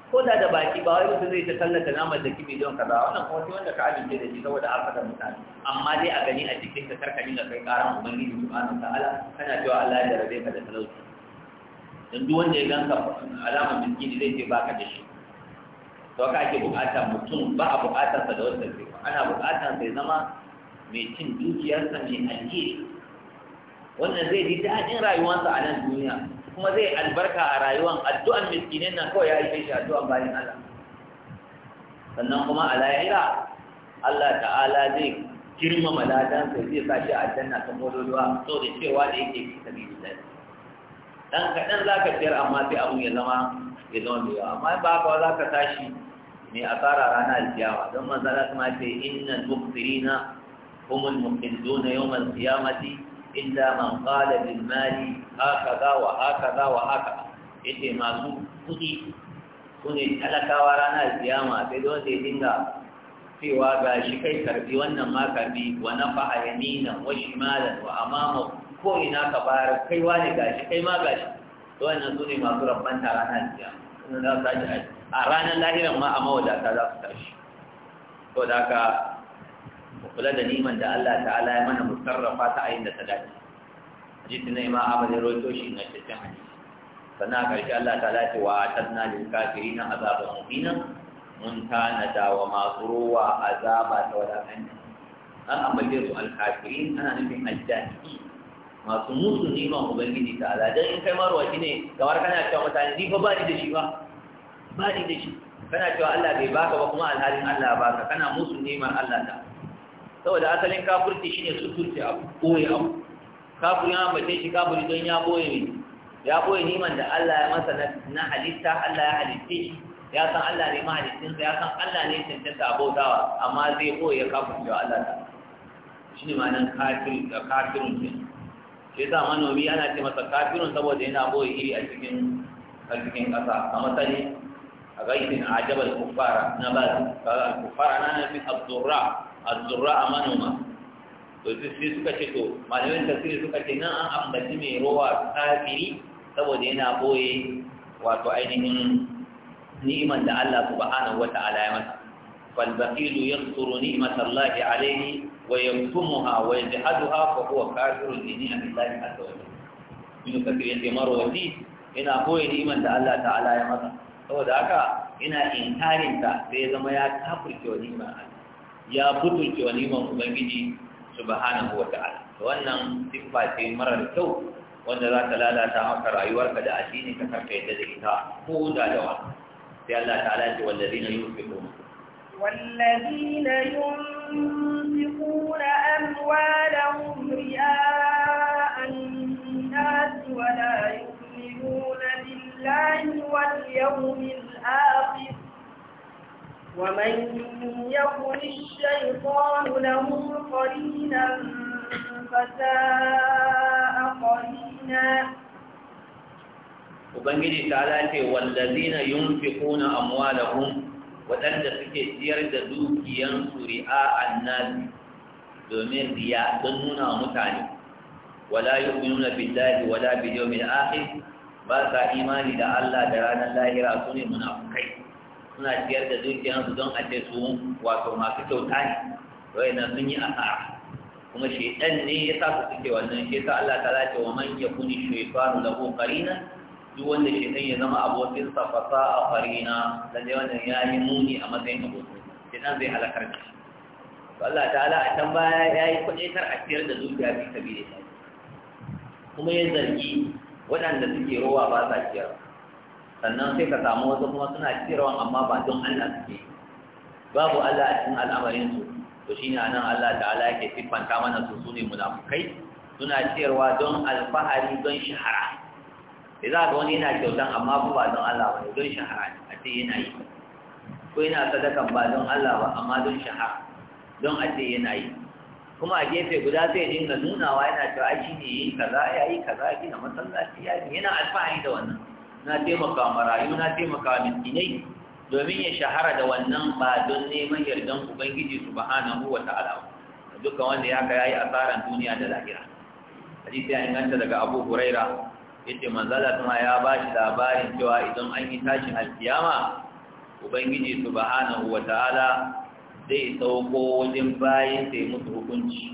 ko da da baki ba wai mutum zai ta tallata namar da kimi don kaza wannan kuma sai wanda ka amince da shi saboda aka da mutane amma dai a gani a cikin ka karka dinga kai karan ubangiji subhanahu ta'ala kana cewa Allah ya jarabe ka da talauci dan duk wanda ya ganka alamar miskini zai ce baka da shi to haka ake bukata mutum ba a bukatar sa da wannan sai ana bukata sai zama mai cin dukiyarsa mai alheri wannan zai ji daɗin rayuwarsa a nan duniya kuma zai albarka a rayuwar addu'an miskinin nan kawai ya yi shi addu'an bayan Allah sannan kuma a lahira Allah ta'ala zai girmama ladansa zai sa shi a janna ta mololuwa so da cewa da yake fi sabi dan kaɗan za ka biyar amma sai abun ya zama ya zama yawa amma ba ka za ka tashi mai asara rana alkiyama don manzala kuma ce innal muqsirina humul muqsiruna yawmal qiyamati illa man qala bil mali hakaza wa hakaza wa haka yake masu kudi sune talakawa ranar alkiyama sai don sai dinga cewa ga shi kai karbi wannan ma karbi wa nafa'a yaminan wa shimalan wa amama ko ina ka bayar kai wani gashi kai ma gashi to wannan sune masu rabbanta rana alkiyama sunan da ta ji a ranar lahiran ma a mawadata za su tashi to da haka kula da niman da Allah ta'ala ya mana musarrafa ta ayin da ta dace hadisi na imam Ahmad ya rawaito shi na cikin hadisi sannan a ƙarshe Allah ta'ala ya ce wa atanna lil kafirina azaban mubina mun tanada wa masu ruwa azaba ta wadatanni an ambace su alkafirin ana nufin aljahili masu musu neman ubangiji ta ala in kai maruwa ne. kamar kana cewa mutane ni fa ba ni da shi ba ba ni da shi kana cewa Allah bai baka ba kuma alhalin Allah ba baka kana musu neman Allah ta saboda asalin kafirci shine turce a koyi abu kafiri ya mace shi kafiri don ya boye ne ya boye niman da Allah ya masa na halitta Allah ya halitte shi ya san Allah ne mahalicin sa ya san Allah ne cancanta abautawa amma zai boye kafirci da Allah ta shine ma'anar kafir da kafirun ne ke sa manomi ana ce masa kafirun saboda yana boye iri a cikin a cikin ƙasa a matsayin غيث عجب الكفار نبات الكفار أنا في الضراء الضراء منهما ويسي suka ce to malamin tafsiri suka ce nan an ambaci mai rowa kafiri saboda yana boye wato ainihin ni'iman da Allah subhanahu wa ta'ala ya masa fal baqilu yansuru ni'mat Allah alayhi wa yansumuha wa yajhaduha fa huwa kafirun li ni'mat Allah da yana boye ni'iman da Allah ta'ala saboda haka ina inkarinta sai ya zama ya tafurke wani niman Allah ya butulce wani niman Ubangiji su subhanahu wa ta'ala wannan siffa ce marar kyau wanda za ka lalata maka rayuwarka da addini ka karka yadda da ita ko da da wa sai Allah ta'ala ce wallazina yunfiquna wallazina yunfiquna amwalahum ri'a an-nas wa la yu'minuna بالله واليوم الآخر ومن يكن الشيطان له قرينا فساء قرينا Ubangiji ta ce wallazina yunfiquna amwalahum waɗanda suke siyar da dukiyansu ri'a annasi domin riya don nuna mutane wala yu'minuna billahi wala bil yawmil akhir ba sa imani da Allah da ranar lahira su ne munafukai suna ciyar da zuciyarsu don a ce su wato masu kyauta ne wai nan sun yi asara kuma shaitan ne ya sa su suke wannan shi sa Allah ta lace wa man ya kuni shaitanu lahu qarina duk wanda shaitan ya zama abokin sa fa sa'a qarina lalle wannan yi muni a matsayin abokin shaitan zai halakar da shi Allah ta'ala a can baya ya yi kudaitar a ciyar da dukiya bi sabilillah kuma ya zargi waɗanda suke rowa ba sa ciyar sannan sai ka samu wasu kuma suna ciyarwa amma ba don Allah suke babu Allah a cikin al'amarin su to shine anan Allah ta'ala yake siffanta mana su sune munafukai suna ciyarwa don alfahari don shahara sai za ka wani yana kyautan amma ba don Allah ba don shahara a ce yana yi ko yana sadakan ba don Allah ba amma don shahara don a ce yana yi kuma a gefe guda zai dinga nunawa yana cewa ai ne yi kaza ya yi kaza gina masallaci ya yana alfahari da wannan na taimaka wa marayu na taimaka wa miskinai domin ya shahara da wannan ba don neman yardan ubangiji wata alawa a dukkan wanda ya kai yi asaran duniya da lahira hadisi ya inganta daga Abu Huraira yace manzala kuma ya bashi labarin cewa idan an yi tashin alkiyama ubangiji subhanahu wa ta'ala zai sauko wajen bayan da ya musu hukunci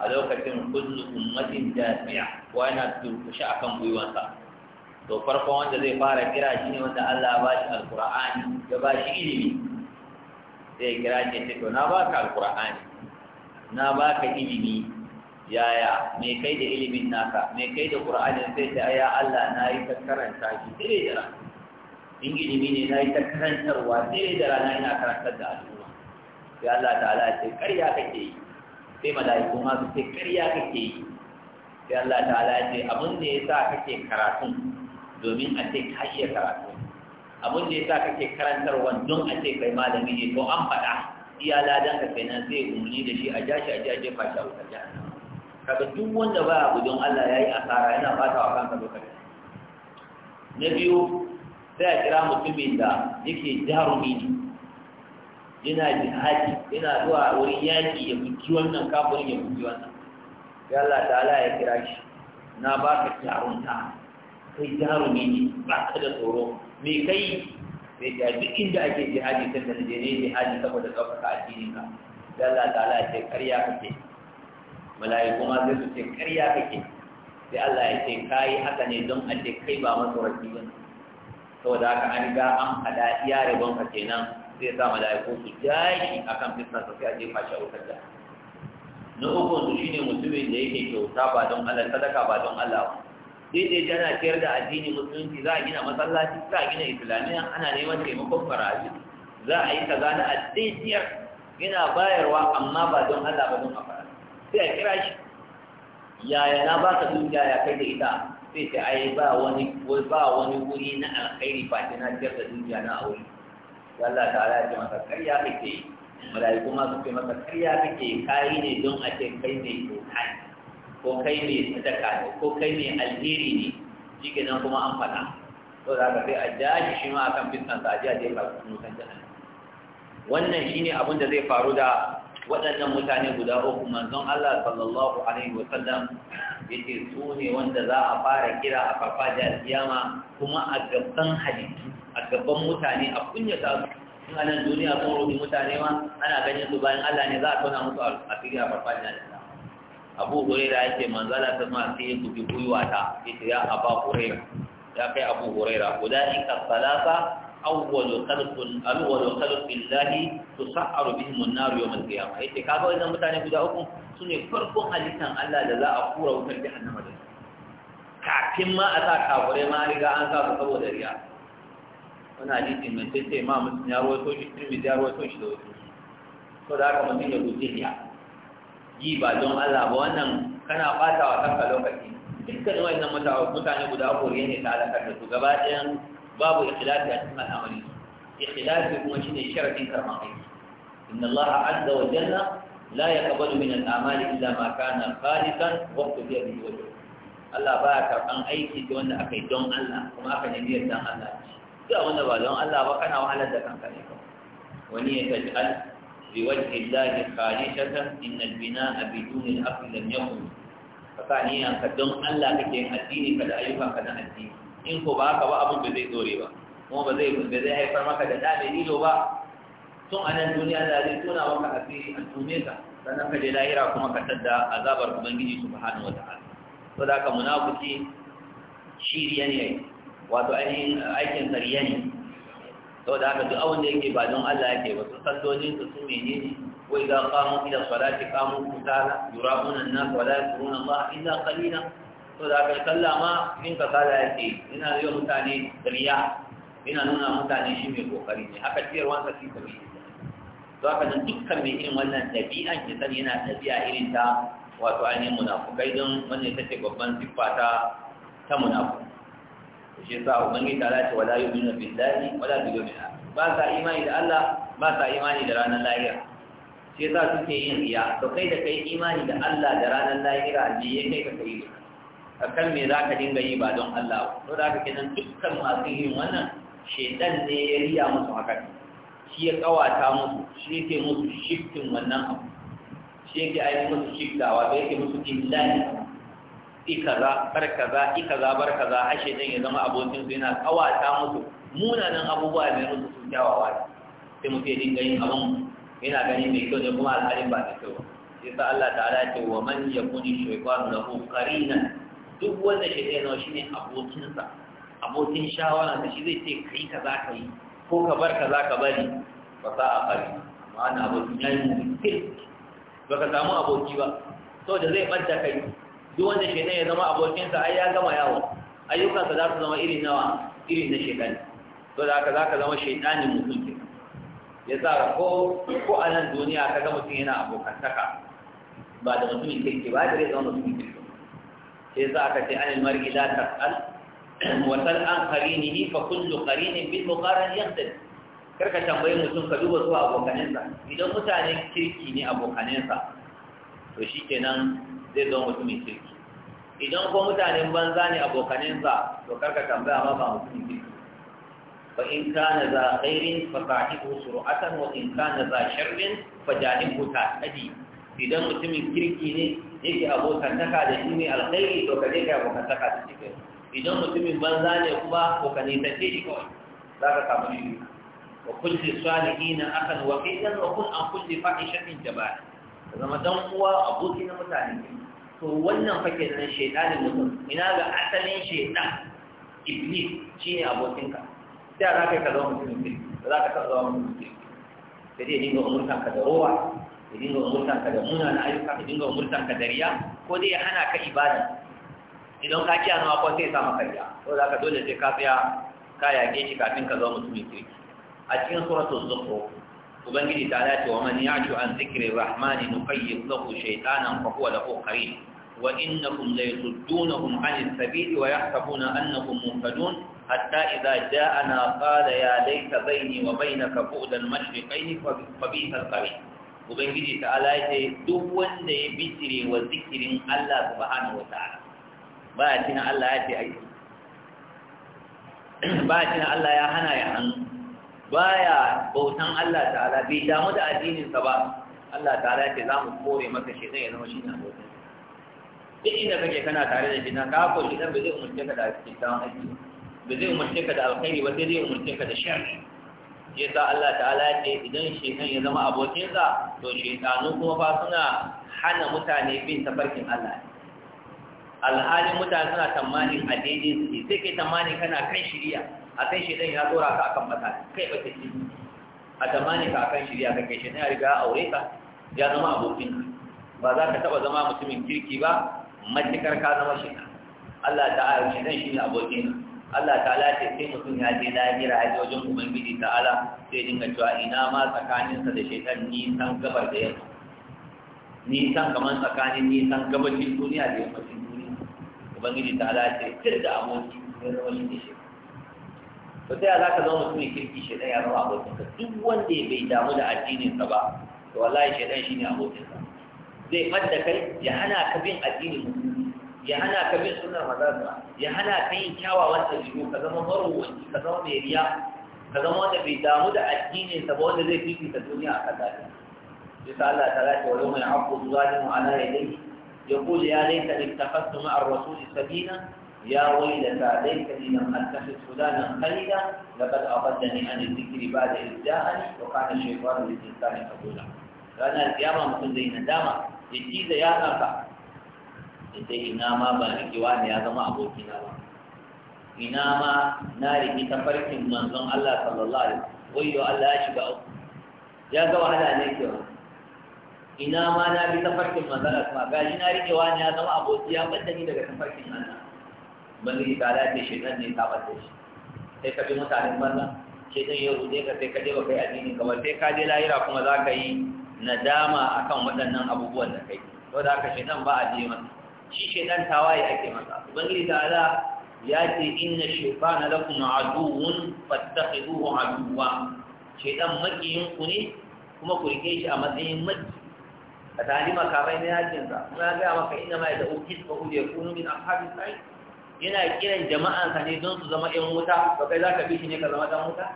a lokacin kullu ummatin jami'a wa yana turkushe akan gwiwansa to farkon wanda zai fara kira shi ne wanda Allah ba shi alqur'ani ya ba shi ilimi zai kira shi ce to na baka alqur'ani na baka ilimi yaya me kai da ilimin naka me kai da qur'ani sai ta aya Allah na yi ta karanta shi dare da in ilimi ne na yi ta karantarwa dare da rana ina karantar da al'umma sai Allah ta'ala ya ce ƙarya kake yi sai mala'iku ma su ce ƙarya kake yi sai Allah ta'ala ya ce abin da ya sa kake karatun domin a ce ka iya karatu abin da ya sa kake karantarwa don a ce kai malami ne to an faɗa iya ladan ka kenan zai umarni da shi a jashi a jaje fashi a wutar jihar kaga duk wanda ba abu don Allah ya yi asara yana fata wa kansa lokaci na biyu sai a kira mutumin da yake jarumi ne yana jihadi yana zuwa wurin yaƙi ya buki wannan kafirin ya buki wannan ya Allah ta'ala ya kira shi na baka ta kai jarumi ne ba ka da tsoro me kai me ta duk inda ake jihadi ta da je ne jihadi saboda ɗaukaka addinin ka ya Allah ta'ala ya ce karya kake mala'iku ma sai su ce karya kake sai Allah ya ce kai haka ne don a ce kai ba masorafi ba saboda haka an ga an hada iya rabon ka kenan sai sa mala'iku su jashi akan fiskar sa sai a jefa a wutar da na uku su shine mutumin da yake kyauta ba don Allah sadaka ba don Allah ba sai dai jana ciyar da addini musulunci za a gina masallaci za a gina islamiyya ana neman taimakon faraji za a yi kaza na addiniyar Ina bayarwa amma ba don Allah ba don afara sai a kira shi yaya na baka dukiya ya kai da ita sai ta ai ba wani ba wani wuri na alkhairi ba ta na ciyar da dukiya na aure Allah ta'ala ya ce masa karya kake mala'iku ma suke masa karya kake kai ne don a ce kai ne doka ko kai ne sadaka ne ko kai ne alheri ne shi nan kuma an faɗa to da ka sai a jaji shi ma akan fiskan sa a ji a jefa su mutan jahannam wannan shi ne abin da zai faru da waɗannan mutane guda uku manzon Allah sallallahu alaihi wa sallam yake su ne wanda za a fara kira a farfajiyar kiyama kuma a gaban halittu a gaban mutane a kunyata su in a nan duniya sun rufe mutane ma ana ganin su bayan Allah ne za a tona musu a fili a farfajiyar da abu huraira yake manzala ta ma sai ku bi gwiwa ta yace ya aba huraira ya kai abu huraira ka salasa awwalu khalqin awwalu khalqin lahi tusahharu bihim an-nar yawm al-qiyamah yace kaga wannan mutane guda uku sune farkon halittan Allah da za a kura wutar jahannama da su. kafin ma a sa kafure ma riga an sa su saboda riya wani hadisi mai tsaye ma mutum ya rawaito shi turmi ya rawaito shi da wasu ko da haka mutum ya guji ya? yi ba don Allah ba wannan kana bata wa kanka lokaci dukkan wannan mutane guda uku ne ta alakar da su gaba ɗayan babu ikhlasi a cikin al'amari ikhlasi kuma shine sharadin karɓar aiki inna Allah azza wa jalla la yaqbalu min al-a'mali illa ma kana khalisan wa qadiya bihi wajh Allah ba ya karban aiki da wanda aka yi don Allah kuma aka nemi yardan Allah duk wanda ba don Allah ba kana wahalar da kanka ne wani ya bi wajhi Allah inna al al lam yakun an ka don Allah kake yin addini da ayyukan ka na addini in ko ba haka ba abun da zai dore ba kuma ba zai ba zai haifar maka da da mai ba tun a nan duniya da zai tuna maka asiri a tume ka sannan ka je lahira kuma ka tadda azabar ubangiji subhanahu wataala to da ka munafiki shiriya ne yayi wato ainihin aikin sariya ne saboda haka duk abin da yake ba don Allah yake wasu sallolin su su menene wa idza qamu ila salati qamu kusala yura'una an-nas wa la ba, Allah illa qalila saboda haka kalla ma in ka ya yake ina yi mutane riya ina nuna mutane shi mai kokari ne haka ciyar wansa shi ta biyu to haka nan dukkan mai irin wannan dabi'an ki sani yana dabi'a irin ta wato ainihin munafukai don wannan ita ce babban siffa ta ta munafukai shi yasa ubangiji ta lati wala yu'minu billahi wala bil yawmil akhir ba sa imani da Allah ba sa imani da ranar lahira shi yasa suke yin riya to kai da kai imani da Allah da ranar lahira ne ya kai ka kai akan me zaka dinga yi ba don Allah to da kake nan dukkan masu yin wannan shedan ne ya riya musu haka shi ya kawata musu shi yake musu shiftin wannan abu shi yake aiki musu shiftawa da yake musu illahi ikaza barkaza, kaza ikaza barkaza ashe har shaitan ya zama abokin su yana kawata musu munanan abubuwa ne musu su kyawawa sai mu ya dinga yin abin yana ganin mai kyau ne kuma alƙalin ba da kyau ba sai sa Allah ala ce wa man yakuni na ku Karina, duk wanda shi ne shine abokin sa abokin shawara da shi zai ce kai kaza kai ko ka bar kaza ka bari ba sa a bari amma wannan abokin yi mutum ba ka samu aboki ba saboda zai badda kai duk wanda shaitan ya zama abokinsa ai ya gama yawo ayyukansa za su zama irin nawa irin na shaitan to da haka za ka zama shaitanin mutum ke ya sa ko ko a nan duniya ka ga mutum yana abokantaka ba da mutumin kirki ba da zai zama mutumin kirki sai sa aka ce anil mar'i la tas'al wa sal an qarinihi fa kullu qarinin bil muqaran yaqtad karka tambayi mutum ka duba zuwa abokanensa idan mutane kirki ne abokanensa to shikenan zai zama mutumin kirki idan ko mutanen banza ne abokaninsa to karka tambaya ma ba mutum ne fa in kana za khairin fa sahibu sur'atan wa in kana za sharrin fa jahibhu ta'adi idan mutumin kirki ne yake abokantaka da shi ne alkhairi to kaje kai abokantaka da shi kai idan mutumin banza ne kuma ko ka ne tace shi kawai za ka samu shi wa kulli salihin akan wa qidan wa kun an kulli fahishatin jabal zama dan uwa aboki na mutane kirki to wannan fake nan shaidanin mutum ina ga asalin shaidan iblis shine abokinka sai za ka yi ka zama mutum ne ba za ka taɓa zama mutum ne sai dai dinga umurtan ka da rowa ya dinga umurtan ka da munanan ayyuka ya dinga umurtan ka da riya ko dai ya hana ka ibada idan ka kiyaye nawa ko sai ya sama kariya to za ka dole sai ka tsaya ka yage shi kafin ka zama mutum ne a cikin suratul zukhruf ubangiji ta dace wa man ya'tu an zikri rahmani nuqayyid lahu shaytanan fa huwa lahu qarin وإنهم ليصدونهم عن السبيل ويحسبون أنهم مهتدون حتى إذا جاءنا قال يا ليت بيني وبينك بعد المشرقين فبئس القرين وبنجي تعالى duk wanda ya bitire wa zikirin Allah subhanahu wataala ba ya tina Allah ya ce ai ba ya cina Allah ya hana ya hannu ba ya bautan Allah ta'ala bai damu da addininsa ba Allah ta'ala ya ce za mu kore maka shi zai zama shi ne duk inda kake kana tare da shi na ka ko shi dan ba zai umurce ka da kyakkyawan aiki Bai zai umurce ka da alkhairi ba sai zai umurce ka da sharri yasa Allah ta'ala ya ce idan shi ya zama abokinsa to shaytanu kuma fa suna hana mutane bin tafarkin Allah alhalin mutane suna tamanin a daidai ne sai kai tamanin kana kan shirya a kan shi ya tsora ka akan mata kai ba ta ci a tamanin ka akan shirya ka kai shi ya riga aure ka ya zama abokin ba za ka taɓa zama mutumin kirki ba matukar ka zama shi Allah ta'ala shi dan shi ne abokin Allah ta'ala ce sai mutum ya je lahira ya je wajen ubangiji ta'ala sai dinga cewa ina ma tsakaninsa da shaitan nisan gabar da yamma nisan kamar tsakanin nisan gabashin duniya da yammacin duniya ubangiji ta'ala ce kir da aboki sai da shi ne shi to sai za ka zama mutum kirki shi ɗaya zama abokinka duk wanda bai damu da addininsa ba to wallahi shi ɗan shi ne abokinsa zai fadda kai ya hana ka bin addinin ya hana ka bin sunan mazaza ya hana ka yin kyawawan ɗabi'u ka zama marowanci ka zama mai riya ka zama wanda bai damu da addinin sa ba wanda zai ta duniya a kan lafiya bisa Allah ta lafiya wa yau mai haƙƙo zalimu ala yadayhi يقول يا ليتني اتخذت مع الرسول سبيلا يا ويلتى ليتني لم اتخذ فلانا خليلا لقد اضلني عن الذكر بعد اذ جاءني وكان الشيطان للانسان خذولا رانا القيامه مثل زي nadama ya da ya ɗaka ita ina ma ba rikiwa ne ya zama abokina ba ina ma na riki ta farkin manzon Allah sallallahu alaihi wasallam wayyo Allah ya shiga uku ya ga wahala ne kewa ina ma na bi ta farkin manzon Allah kuma gaji na rikewa ne ya zama aboki ya bada ni daga ta farkin Allah bangiji ta dace shi nan ne ta bada shi sai ka bi mutanen banza ke zai yi rude ka sai ka je ba kai addini kamar sai ka je lahira kuma za ka yi nadama akan waɗannan abubuwan da kai to da aka shaitan ba a je masa shi shaitan tawaye ake masa ubangiji ala ya ce inna shaytana lakum aduwwun fattakhiduhu aduwwa shaitan makiyin ku ne kuma ku rike shi a matsayin maki a tani makamai na yakin sa kuma ya gaya maka inna ma ya da'u kisbahu yakunu min ashabis sai yana kiran jama'ansa ne don su zama 'yan wuta ba kai za ka bi shi ne ka zama dan wuta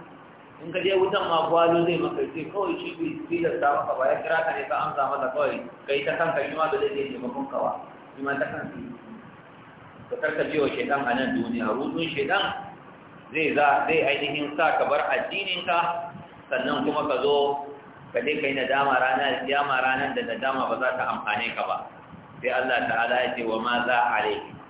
in ka je wutan ma gwalo zai maka ce kawai shi bai tilasta maka ba ya kira ka ne ka amsa masa kawai kai ta kanka shi ma da zai je ba shi ma ta kanka ka karka biyo shaidan a nan duniya rudun shaidan zai za zai ainihin sa ka bar addinin ka sannan kuma ka zo ka je kai nadama ranar kiyama ranar da nadama ba za ta amfane ka ba sai Allah ta'ala ya ce wa ma za alaihi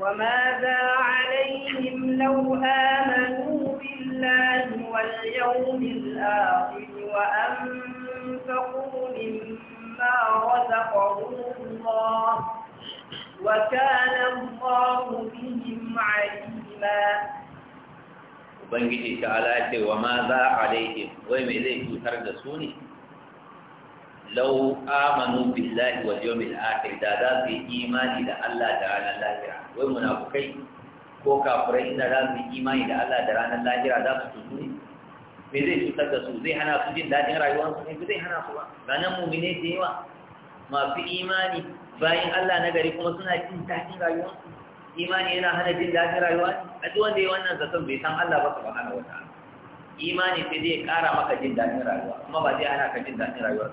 وماذا عليهم لو آمنوا بالله واليوم الآخر وأنفقوا مما رزقهم الله وكان الله بهم عليما Ubangiji ta alaƙe wa ma za a laifin wai mai zai cutar da su ne lau amanu billahi wa yawmil akhir da za su yi imani da Allah da ranar wai munafukai ko kafirai inda za su yi imani da Allah da ranar lahira za su tutu ne me zai cutar da su zai hana su jin daɗin rayuwarsu ne zai hana su ba ranar mumine da yawa masu imani bayan Allah na gari kuma suna jin daɗin rayuwarsu imani yana hana jin daɗin rayuwa ne a duk wanda ya wannan zaton bai san Allah ba su hana wata imani sai zai ƙara maka jin daɗin rayuwa kuma ba zai hana ka jin daɗin rayuwar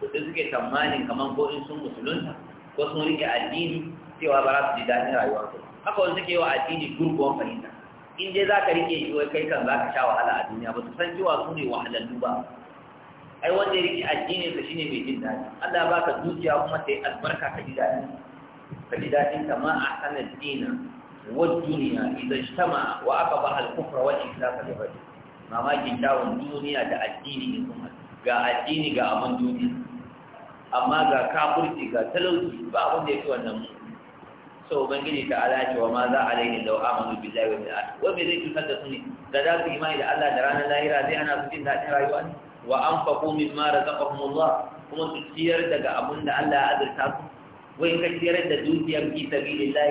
ba to suke tsammanin kamar ko in sun musulunta ko sun rike addini cewa ba za su ji daɗin rayuwa haka wani suke wa addini gurguwan fahimta in dai za ka rike shi wai kai kan za ka sha wahala a duniya ba su san cewa su ne wahalallu ba ai wanda ya rike addinin ka shine mai jin daɗi Allah ba ka zuciya kuma sai albarka ka ji daɗi ka ji daɗin ka ma a sanar dina wa duniya idan shi shama wa aka ba al-kufra wal islam da bari mamakin kyawun duniya da addini ne kuma ga addini ga abin duniya amma ga kafirci ga talauci ba abin da ya fi wannan sau ubangiji ta ala ce wa ma za a laini da amanu billahi wa bil akhir wa me zai cutar da su ne da za su imani da Allah da ranar lahira zai ana su jin daɗin rayuwa ne wa an anfaqu mimma razaqahumullah kuma su ciyar daga abun da Allah ya azurta su wai ka ciyar da dukiyar fi sabilillah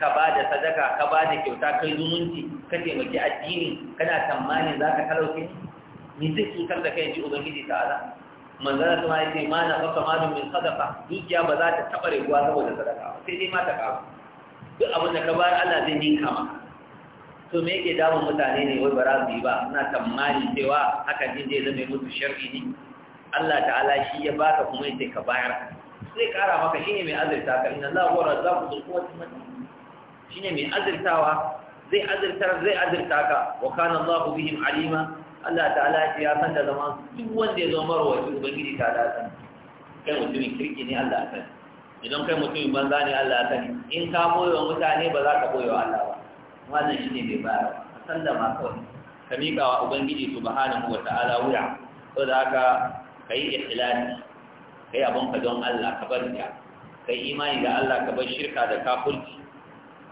ka ba da sadaka ka ba da kyauta kai zumunci ka taimaki addini kana tsammanin za ka talauke ni zai cutar da kai ji ubangiji ta ala manzana ta ma ya ce ma na fasa malum min sadaqa dukiya ba za ta taɓa raguwa saboda sadaka sai dai ma ta ƙaru duk abin da ka bayar Allah zai ninka ma to me yake damun mutane ne wai ba za su yi ba suna tsammani cewa hakan din zai zama mutu sharri ne Allah ta'ala shi ya baka kuma yace ka bayar Sai kara maka shine mai azurta ka inna Allah huwa razzaqu dhul quwwati matin shine mai azurtawa zai azurtar zai azurta ka wa kana Allahu bihim alima Allah ta'ala ya san da zaman duk wanda ya zama marwaci ubangiji ta da san kai mutumin kirki ne Allah ya idan kai mutumin banza ne Allah ya sani in ka koyo mutane ba za ka koyo Allah ba wannan ne mai bayar sallama kawai ka miƙa wa ubangiji su bahanin wa ta'ala wuya to da haka kai ka yi abun ka don Allah ka bar ka yi imani da Allah ka bar shirka da kafirci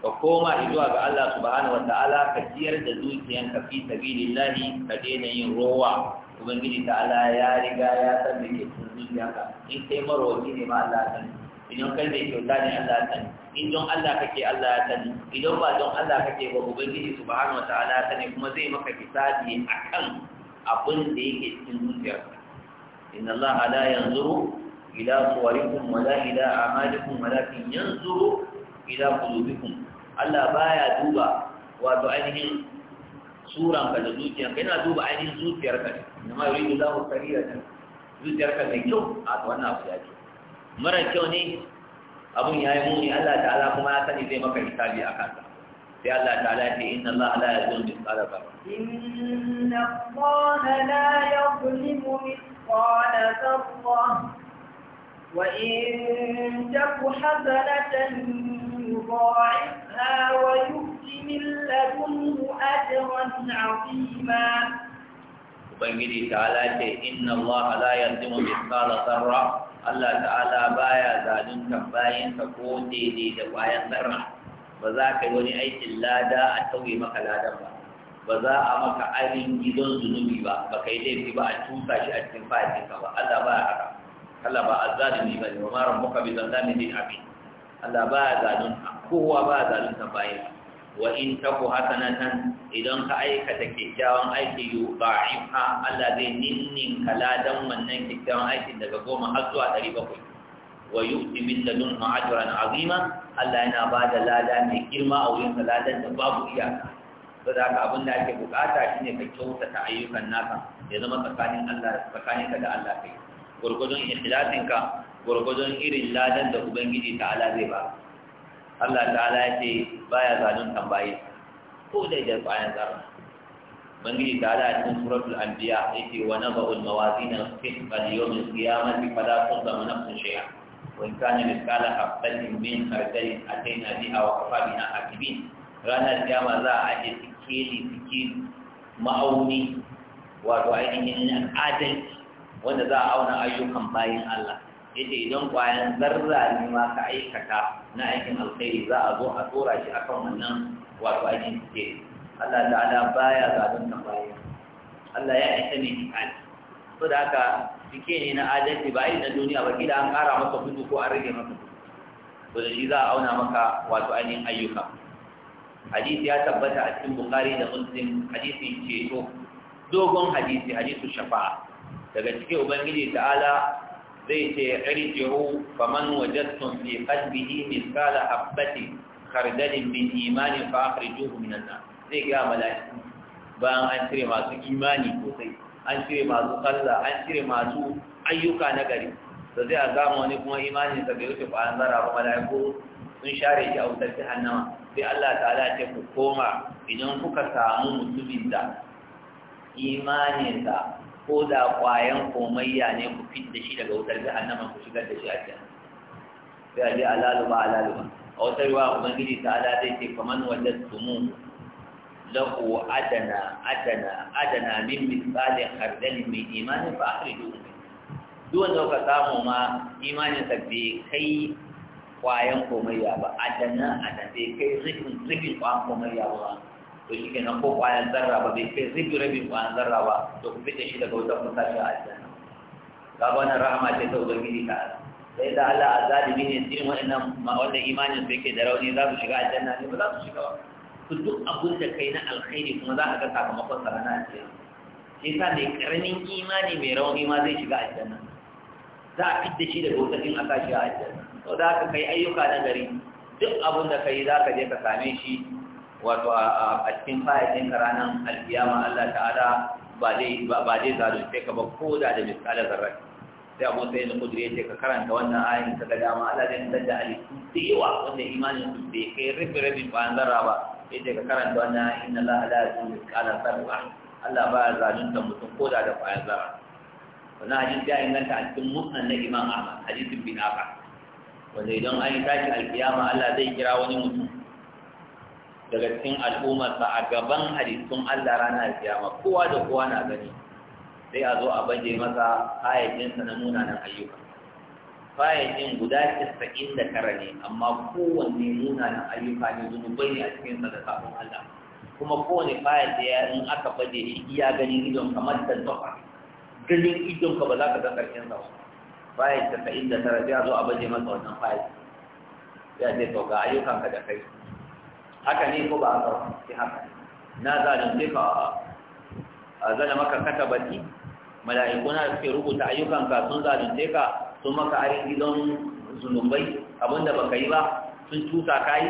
ka koma zuwa ga Allah subhanahu ta'ala ka ciyar da ka fi sabilillahi ka daina yin rowa ubangiji ta ya riga ya san da ke cikin zuciyanka in kai marwaci ne ma Allah san idan kai mai kyauta ne Allah ya sani in don Allah kake Allah ya sani idan ba don Allah kake ba ubangiji subhanahu wataala ya sani kuma zai maka hisabi akan abin da yake cikin zuciyarka inna Allah la yanzuru ila suwarikum wala ila a'malikum walakin yanzuru ila qulubikum Allah baya duba wato ainihin suran ka da kai na duba ainihin zuciyarka ne amma yuridu lahu sariyatan zuciyarka mai kyau a wannan abu ya ce mara kyau ne abun ya yi muni Allah ta'ala kuma ya sani zai maka hisabi a kansa sai Allah ta'ala ce inna Allah la yuzlimu mithqala dharratin inna Allah la yuzlimu mithqala dharratin وإن تك حسنة يضاعفها ويؤت من لدنه أجرا عظيما ubangiji ta'ala ce inna Allah la yanzimu mithqala sarra Allah ta'ala baya zalunta bayan ka ko daidai da bayan sarra ba za ka yi wani aikin lada a tauye maka ladan ba ba za a maka abin gidan zunubi ba ba kai laifi ba a tusa shi a cikin fahimta ba Allah ba a haka Allah ba a ba ne wa mara muka bi zanzamin din abin Allah ba zalunta kowa ba a zalunta bayan wa in taku hasanatan idan ka aikata kyakkyawan aiki yu ba'ifha Allah zai ninnin kaladan wannan kyakkyawan aikin daga goma har zuwa ɗari bakwai wa yu'ti min ladunhu ajran azima Allah yana ba da lada mai girma a wurin ladan da babu iyaka saboda haka abin da ake bukata shine ka kyautata ayyukan naka ya zama tsakanin Allah tsakaninka da Allah kai gurgudun ikhlasinka gurgudun irin ladan da ubangiji ta'ala zai ba Allah ta'ala ya ce baya zalun tambaye ko da da bayan zarra bangiji ta'ala a cikin suratul anbiya yace wa naba'ul mawazin al-qist qad yawm al-qiyamati fala tuzlamu nafsun shay'a wa in kana mithqala habatin min khardalin atayna biha wa kafa bina hakibin ranar kiyama za a aje sikeli sikeli ma'auni wato ainihin adalci wanda za a auna ayyukan bayin Allah yace idan kwayan zarra ne ma ka aikata na aikin alkhairi za a zo a tsora shi akan wannan wato aikin ke Allah ala baya don ta baya Allah ya aika ne hikali to da haka cike ne na adalci ba irin na duniya ba kila an ƙara masa kudu ko an rage masa kudu to da shi za a auna maka wato ainihin ayyuka hadisi ya tabbata a cikin bukari da muslim ce ceto dogon hadisi hadisu shafa'a daga cikin ubangiji ta'ala zai ce irji'u faman wajadtum fi qalbihi mithqala habbatin khardalin min imani fa akhrijuhu min an-nar zai ga mala'iku bayan an cire masu imani sosai an cire masu sallah an cire masu ayyuka na gari to zai a gama wani kuma imani sa bai wuce kwanan zara ba mala'iku sun share shi a wutar jahannama sai Allah ta'ala ya ce ku koma idan kuka samu mutumin da imaninsa ko da ƙwayan komayya ne ku fit da shi daga wutar jahannama ku shigar da shi a jihar sai a ji alalu ba a wa, ruwa ubangiji ta ala zai ce kaman wajen tumu lahu adana adana adana min misalin hardali mai imanin ba a rijo duk wanda ka samu ma imaninsa bai kai ƙwayan komayya ba adana adana bai kai rikin rikin kwayan komayya ba to shi kenan ko kwayan zarra ba bai kai zibi rabin kwayan zarra ba to ku fita shi daga wutar a shi a ajiyar ga wani rahama ce ta gini ta ala sai da Allah a zalibi ne nan waɗannan wanda imanin su yake da rauni za su shiga aljanna ne ba za su shiga ba su duk abin da kai na alkhairi kuma za a ga sakamakon sa na aljanna shi yasa mai karamin imani mai rauni ma zai shiga ajiyar nan? za a fita shi daga wutar in aka shi a aljanna to da aka kai ayyuka na gari duk abin da kai za ka je ka same shi wato a cikin fa'idin ka ranar alkiyama Allah ta'ala ba zai zalunce ka ba ko da da misalar zarrar sai abu sai na kudure ce ka karanta wannan ayin ka ga dama Allah zai fitar da halittu da yawa wanda imanin su bai kai rabin rabin ba an zarra ba sai ce ka karanta wannan ayin na Allah ala zai misalar zarra Allah ba ta mutum ko da da ƙwayar zarra wannan hadisi ya inganta a cikin musnan na Imam Ahmad hadisin bin Abbas wanda idan an yi tashi alkiyama Allah zai kira wani mutum daga cikin al'ummarsa a gaban halittun Allah ranar kiyama kowa da kowa na gani sai a zo a baje masa kayayyakinsa na munanan ayyuka kayayyakin guda casa'in da tara ne amma kowanne munanan ayyuka ne zunubai ne a cikin sa da sabon Allah kuma kowane kayayyakin ya in aka baje shi iya ganin idon kamar da tsofa ganin idon ka ba za ka ga karshen sa ba kayayyakin casa'in da tara sai a zo a baje masa wannan sai ya ce to ga ka da kai haka ne ko ba a haka sai haka na zalunce ka a zana maka katabati mala'ikuna suke rubuta ayyukanka sun zalunce ka sun maka arin don zunubai abinda baka yi ba sun tusa kai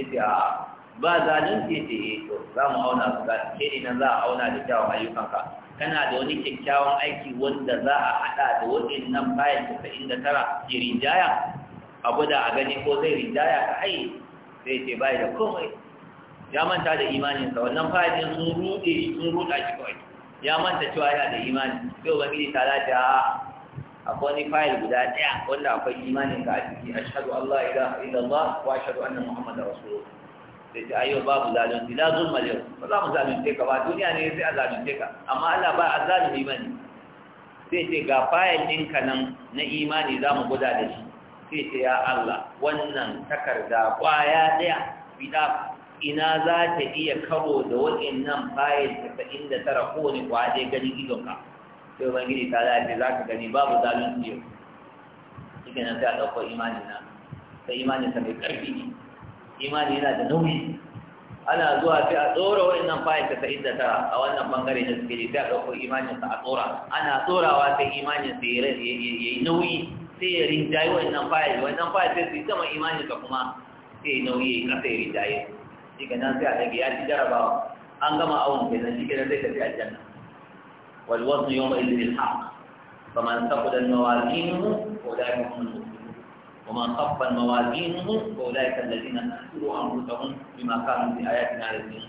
yace a ba zalunci ce eh, to za mu auna su ga ke ne za a auna da kyawun ayyukanka kana da wani kyakkyawan aiki wanda za a haɗa da nan bayan tasa'in da tara ki rinjaya abu da a gani ko zai rinjaya ka ai sai ce bai da komai ya manta da sa wannan fa'idin sun rude sun ruda shi kawai ya manta cewa yana da imani sai ubangiji ta da akwai wani fa'il guda ɗaya wanda akwai imanin ka a ciki ashhadu allah ilaha illallah wa ashhadu anna muhammad rasulullah sai ce ayo babu zalunci la zulma yau ba za mu zalunce ka ba duniya ne sai a zalunce ka amma allah ba a zalunci bane sai ce ga fa'il ɗinka nan na imani za mu guda da shi sai ce ya Allah wannan takarda kwaya ɗaya bida ina za ta iya karo da waɗannan bayan tasa'in da tara kowane kwaya ɗaya gani idonka sai ubangiji ta lafi za ka gani babu zalun yau shi ke nan sai a ɗaukar imanin na sai imanin sa mai ƙarfi ne imani yana da nauyi ana zuwa sai a tsora wa'annan fayin tasa'in da tara a wannan bangare na sikiri sai a ɗauko imaninsa a tsora ana tsorawa sai imaninsa ya yi nauyi sai ya rinjaye wannan fayil wannan fayil sai su yi sama imanin ka kuma sai nauyi ya kasa ya rinjaye shi ka nan sai a dage ya ci jarabawa an gama awon kenan shi kenan zai tafi aljanna wal wazn yawma idhin al haqq faman thaqulat mawazinuhu ulaika hum al muflihun ومن خف الموازينه فأولئك الذين خسروا أنفسهم بما كانوا بآياتنا يظلمون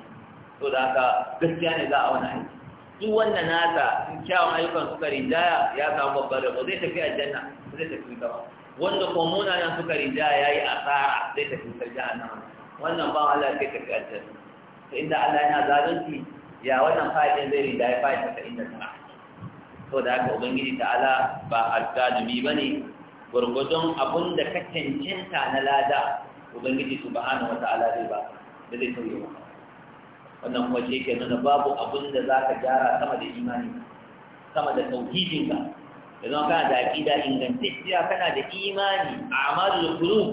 to da ka gaskiya ne za a wani aiki duk wannan nasa in kyawun ayyukan suka rinjaya ya samu babbar rabo zai tafi aljanna zai tafi wuta wanda kuma munanan suka rija ya yi asara zai tafi wutar jahannama wannan ba Allah ke tafi aljanna to inda Allah yana zalunci ya wannan fa'idin zai rija ya fa'ida ta inda ta to da haka ubangiji ta'ala ba ba ne, gurgudun abun da ka cancanta na lada ubangiji subhanahu wata'ala zai ba da zai tauye maka wannan kuma shi ke nuna babu abun da za ka gyara sama da imani sama da tauhidinka idan kana da aqida ingantacciya kana da imani a amalul qulub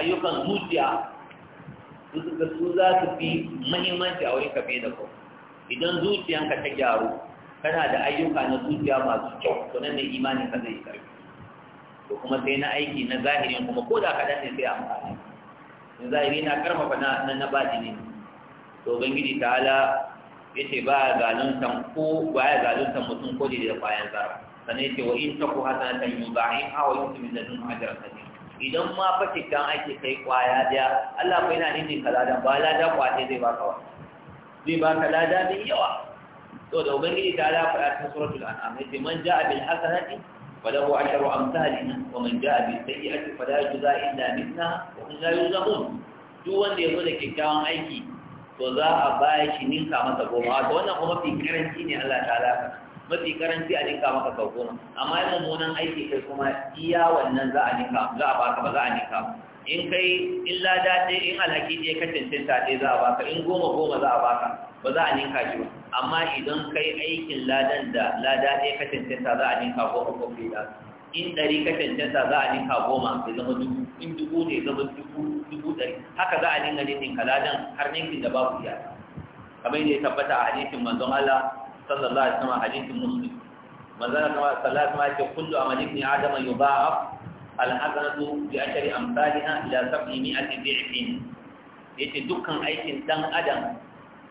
ayyukan zuciya su su za su fi muhimmanci a wurin kafe da ku idan zuciyanka ta gyaru kana da ayyuka na zuciya masu kyau to nan ne imanin ka zai karfi to kuma sai na aiki na zahiri kuma ko da kaɗan ne sai amfani zahiri na karfafa na na ne to ubangiji ta'ala yace ba ya zaluntan ko ba ya zaluntan mutum ko da kwayan zara. sanai ce wa in taku hasanatan yudha'ifha wa yu'ti min ladunhu ajran kathira idan ma fa kikkan ake kai kwaya daya Allah fa yana nini ka lada ba lada kwace zai baka wa zai baka lada mai yawa to da ubangiji ta ala faɗa cikin suratul an'am yace man ja ja'a bil hasanati falahu asharu amsalina wa man ja a ja'a bis sayyi'ati fala yujza illa mithla wa hum la yuzlamun duk wanda yazo da kikkiawan aiki to za a ba shi ninka masa goma to wannan kuma fi karanci ne Allah ta ta'ala mafi karanci a ninka maka sau goma amma yi mummunan aiki kai kuma iya wannan za a nika za a baka ba za a ninka in kai in lada ɗaya in alhaki ɗaya ka cancin ɗaya za a baka in goma goma za a baka ba za a ninka shi ba amma idan kai aikin ladan da lada ɗaya ka ta za a ninka goma ko fi da in ɗari ka ta za a ninka goma zai zama dubu in dubu ne zama dubu dubu ɗari haka za a ninka ninka ladan har ninkin da babu iya kamar yadda ya tabbata a hadisin manzon Allah sallallahu alaihi wasallam hadisin muslim manzana kama sallallahu alaihi wasallam kullu a ibn adam yudha'af a hasanatu bi ashri amsalha ila sab'i mi'ati yace dukkan aikin dan adam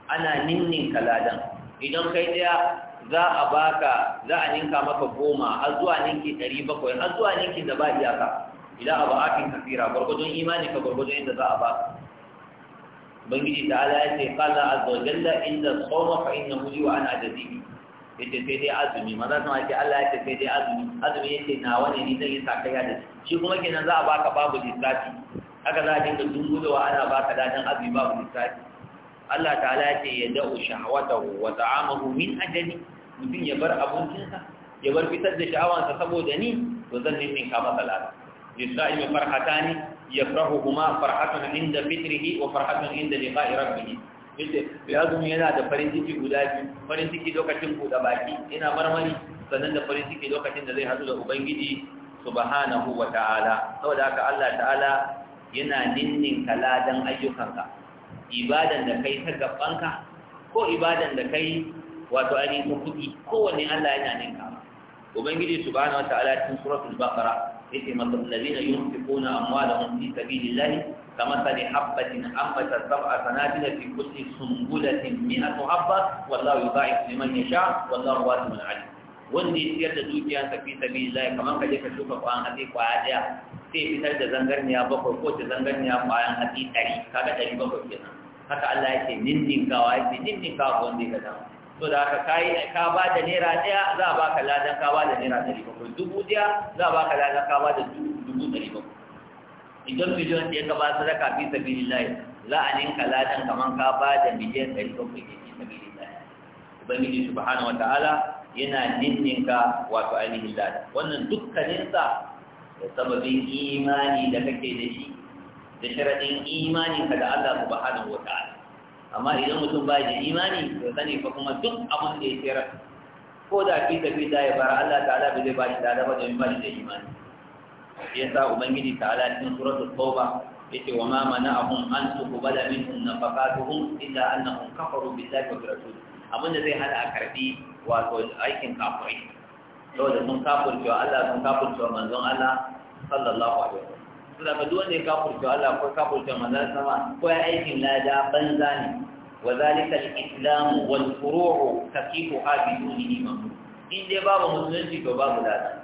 ana ninnin kaladan idan kai daya za a baka za a ninka maka goma har zuwa ninki ɗari bakwai har zuwa ninki da ba iyaka idan abu akin kafira gwargwadon imani ka gwargwadon yadda za a baka ubangiji ta ala ya ce qala azza wa jalla inna sawma fa innahu li wa ana adadi yace sai dai azumi maza sun ake Allah ya ce sai dai azumi azumi yace nawa ne ni zan yi sakaya da shi kuma kenan za a baka babu lissafi haka za a dinga dungulowa ana baka dadan azumi babu lissafi Allah ta'ala ya ce ya da'u shahwatahu wa ta'amahu min ajali mutum ya bar abincinsa ya bar fitar da sha'awansa saboda ni to zan ninninka masa lada lissa'i mai farhata ne يكرههما inda fitrihi wa وفرحة inda liqa'i rabbih yace lazumi yana da farin ciki guda biyu farin ciki lokacin buɗe baki ina marmari sannan da farin ciki lokacin da zai hadu da ubangiji subhanahu wa ta'ala saboda haka Allah ta'ala yana ninnin kaladan ayyukanka ibadan da kai ta gabanka ko ibadan da kai wato ainihin kuɗi kowanne Allah yana ninka ubangiji subhanahu wa ta'ala cikin suratul baqara yake masa allazina yunfiquna amwalahum fi sabilillahi kamathali habatin anbatat sab'a sanabila fi kulli sunbulatin mi'atu habba wallahu yudha'ifu liman yasha wallahu wasi'un 'alim wanda ya siyar da dukiyarsa fi sabilillahi kamar kaje ka shuka kwan hatsi kwaya daya sai fitar da zangarniya bakwai ko ta zangarniya kwayan hatsi ɗari kaga ɗari bakwai kenan haka Allah yake ninninkawa yake ninninkawa wanda ya ga dama so da aka kai ka ba da naira ɗaya za a baka ladan ka ba da naira ɗari bakwai dubu ɗaya za a baka ladan ka ba da dubu ɗari bakwai idan miliyon ɗaya ka ba sadaka fi layi, za a ninka ladan kaman ka ba da miliyan ɗari bakwai ne fi sabilillahi ubangiji subhanahu wa ta'ala yana ninninka wato ainihin ladan wannan dukkaninsa da sababin imani da kake da shi da sharaɗin imaninka da Allah subhanahu wa ta'ala amma idan mutum ba da imani to sani fa kuma duk abin da ya tsira ko da fi tafi da ya bara Allah ta'ala bai zai ba shi da ba domin ba shi da imani yasa ubangiji ta'ala cikin suratul tauba yace wa ma mana'ahum an tuqbala minhum nafaqatuhum illa annahum kafaru billahi wa rasul da zai hada a karbi wato aikin kafiri saboda sun kafirce Allah sun kafirce manzon Allah sallallahu alaihi wasallam su da duk wanda ya kafurta Allah ko kafurta manzon sama ko ya aikin lada banza ne wa zalika al-islam wal furu'u taqifuha bi dunihi mamnun in dai babu musulunci to babu lada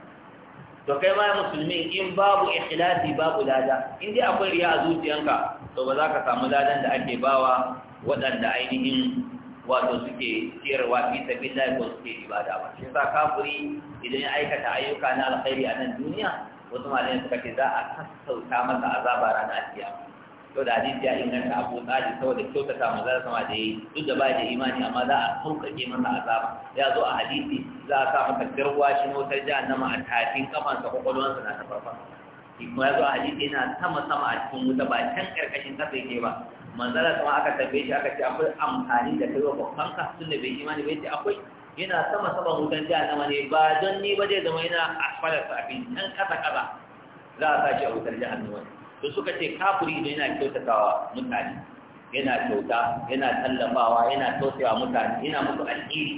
to kai ma musulmi in babu ikhlasi babu lada in dai akwai riya a zuciyanka to ba za ka samu ladan da ake bawa waɗanda ainihin wato suke ciyarwa fi sabilillah ko suke ibada ba shi sa kafuri idan ya aikata ayyuka na alkhairi a nan duniya wasu malayan suka ce za a sassauta masa azaba ranar ajiya. to da hadisi ya inganta abu tsari saboda kyautata maza sama da yi duk da ba da imani amma za a sauƙaƙe masa azaba ya zo a hadisi za a sa masa garwashi na wutar jahannama a tafin kafansa kwakwalwansa na tafarfa kuma ya zo a hadisi yana sama sama a cikin wuta ba can ƙarƙashin kasa yake ba manzara kuma aka tambaye shi aka ce akwai amfani da kai wa babbanka tun da bai imani bai ce akwai yana sama sama hutan jahannama ne ba don ni ba zai zama yana asfalar safi nan kasa kasa za a sashi a wutar jahannama to suka ce kafuri ne yana kyautatawa mutane yana kyauta yana tallafawa yana tausayawa mutane yana musu alheri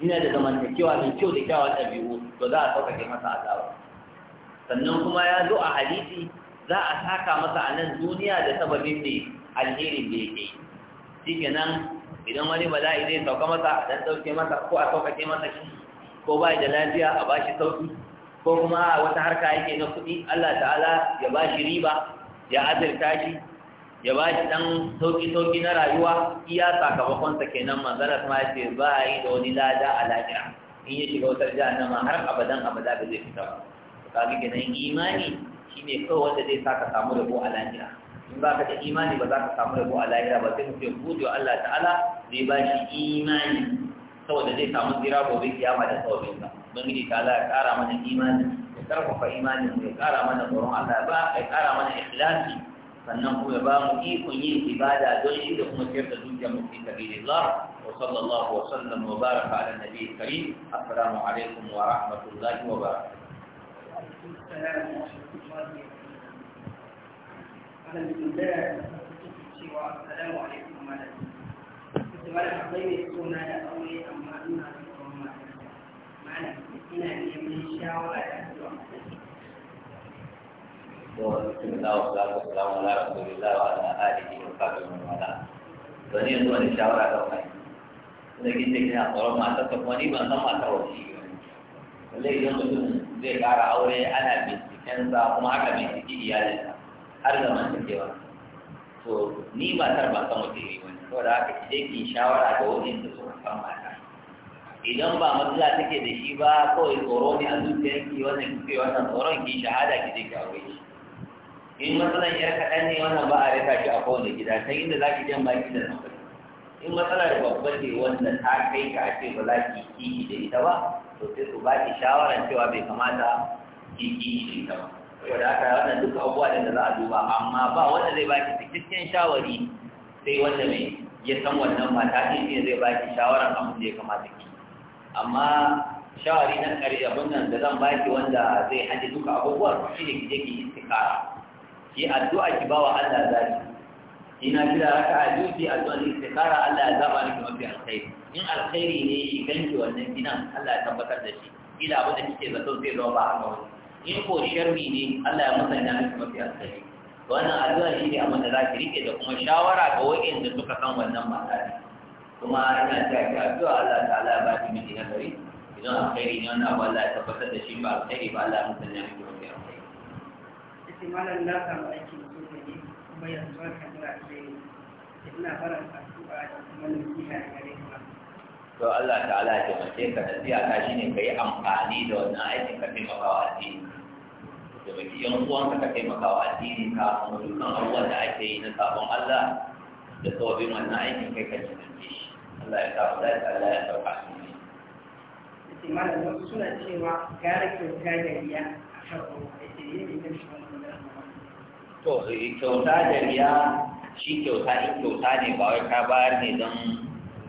yana da zamantakewa mai kyau da kyawun ɗabi'u to za a sauƙaƙe masa azaba sannan kuma ya zo a hadisi za a saka masa a nan duniya da sababin ne alherin da yake yi shi kenan idan wani yi zai sauka masa a dan sauke masa ko a saukake masa shi ko ba da lafiya a bashi sauki ko kuma a wata harka yake na kuɗi Allah ta'ala ya bashi riba ya azirta shi ya bashi dan sauki sauki na rayuwa iya sakamakonsa kenan manzara kuma ya ce ba a yi da wani lada a lafiya in ya shiga wutar nama har abadan abada ba zai fita ba ga kenan imani shine kawai wanda zai saka samu rabo a lafiya in ba ka da imani ba za ka samu rabo a lahira ba sai mutum gode wa Allah ta'ala zai ba shi imani saboda zai samu tsira gobe kiyama da tsawabin sa ubangiji ta Allah ya kara mana imani ya karfafa imani ya kara mana tsoron Allah ba ya kara mana ikhlasi sannan kuma ba mu ikon yin ibada don shi da kuma ciyar da zuciya mu fi sabilillah wa sallallahu wa sallam wa baraka ala nabiyyi karim assalamu alaikum wa rahmatullahi wa barakatuh kan yi cewa akwai mai da aure amma da ina da shawara tsoron ban san Wani mutum zai kara aure ana bincikensa kuma haka binciki iyalinsa. har zaman da cewa to ni matar ba san mutu iri wani saboda haka ki je ki shawara da wani da suka san mata idan ba matsala take da shi ba kawai tsoro ne a zuciyarki wannan kike wannan tsoron ki shahada ki je ki aure shi in matsalan yar kaɗan ne wannan ba a rika shi a kowane gida ta inda za ki jan baki da nan in matsalar babba ce wanda ta kai ka a ce ba za ki kiyi da ita ba to sai ku ba ki shawaran cewa bai kamata ki kiyi da ita ba da aka wannan duka abubuwa da za a duba amma ba wanda zai baki cikakken shawari sai wanda mai ya san wannan mata shi ne zai baki shawaran abin da ya kamata ki amma shawari na kare abin nan da zan baki wanda zai hajji duka abubuwa shi ne ki je ki istikara ki addu'a ki bawa Allah zaki ina kira raka a biyu ki addu'a ni istikara Allah ya zaba ki mafi alkhairi in alkhairi ne ganki wannan gidan Allah ya tabbatar da shi ila abin da kike zato zai zama ba a wani in ko sharri ne Allah ya musanya miki mafi alkhairi wannan addu'a shi ne abin da za rike da kuma shawara ga wa'inda suka san wannan mata ne kuma ina ta ki addu'a Allah ta'ala ya ba ki miji na gari idan alkhairi ne wannan abu Allah ya tabbatar da shi ba alkhairi ba Allah ya musanya miki mafi alkhairi. Isi malam na samu aiki da kuma ne kuma yanzu ba ka jira alkhairi ina barin addu'a da kuma nasiha gare To Allah ta'ala ya mace ka nasiha ta shine ka yi amfani da wannan aikin ka taimakawa addini. da baki yan uwan ka maka wa addini ka kuma dukkan abubuwan da ake yi na sabon Allah da sababin wannan aikin kai ka cikin shi Allah ya kawo da Allah ya sauka shi ne. Ita malam wasu suna cewa gara kyauta da riya a kan ruwa ita yin ne shi wannan To kyauta da riya shi kyauta in kyauta ne ba wai ka bayar ne don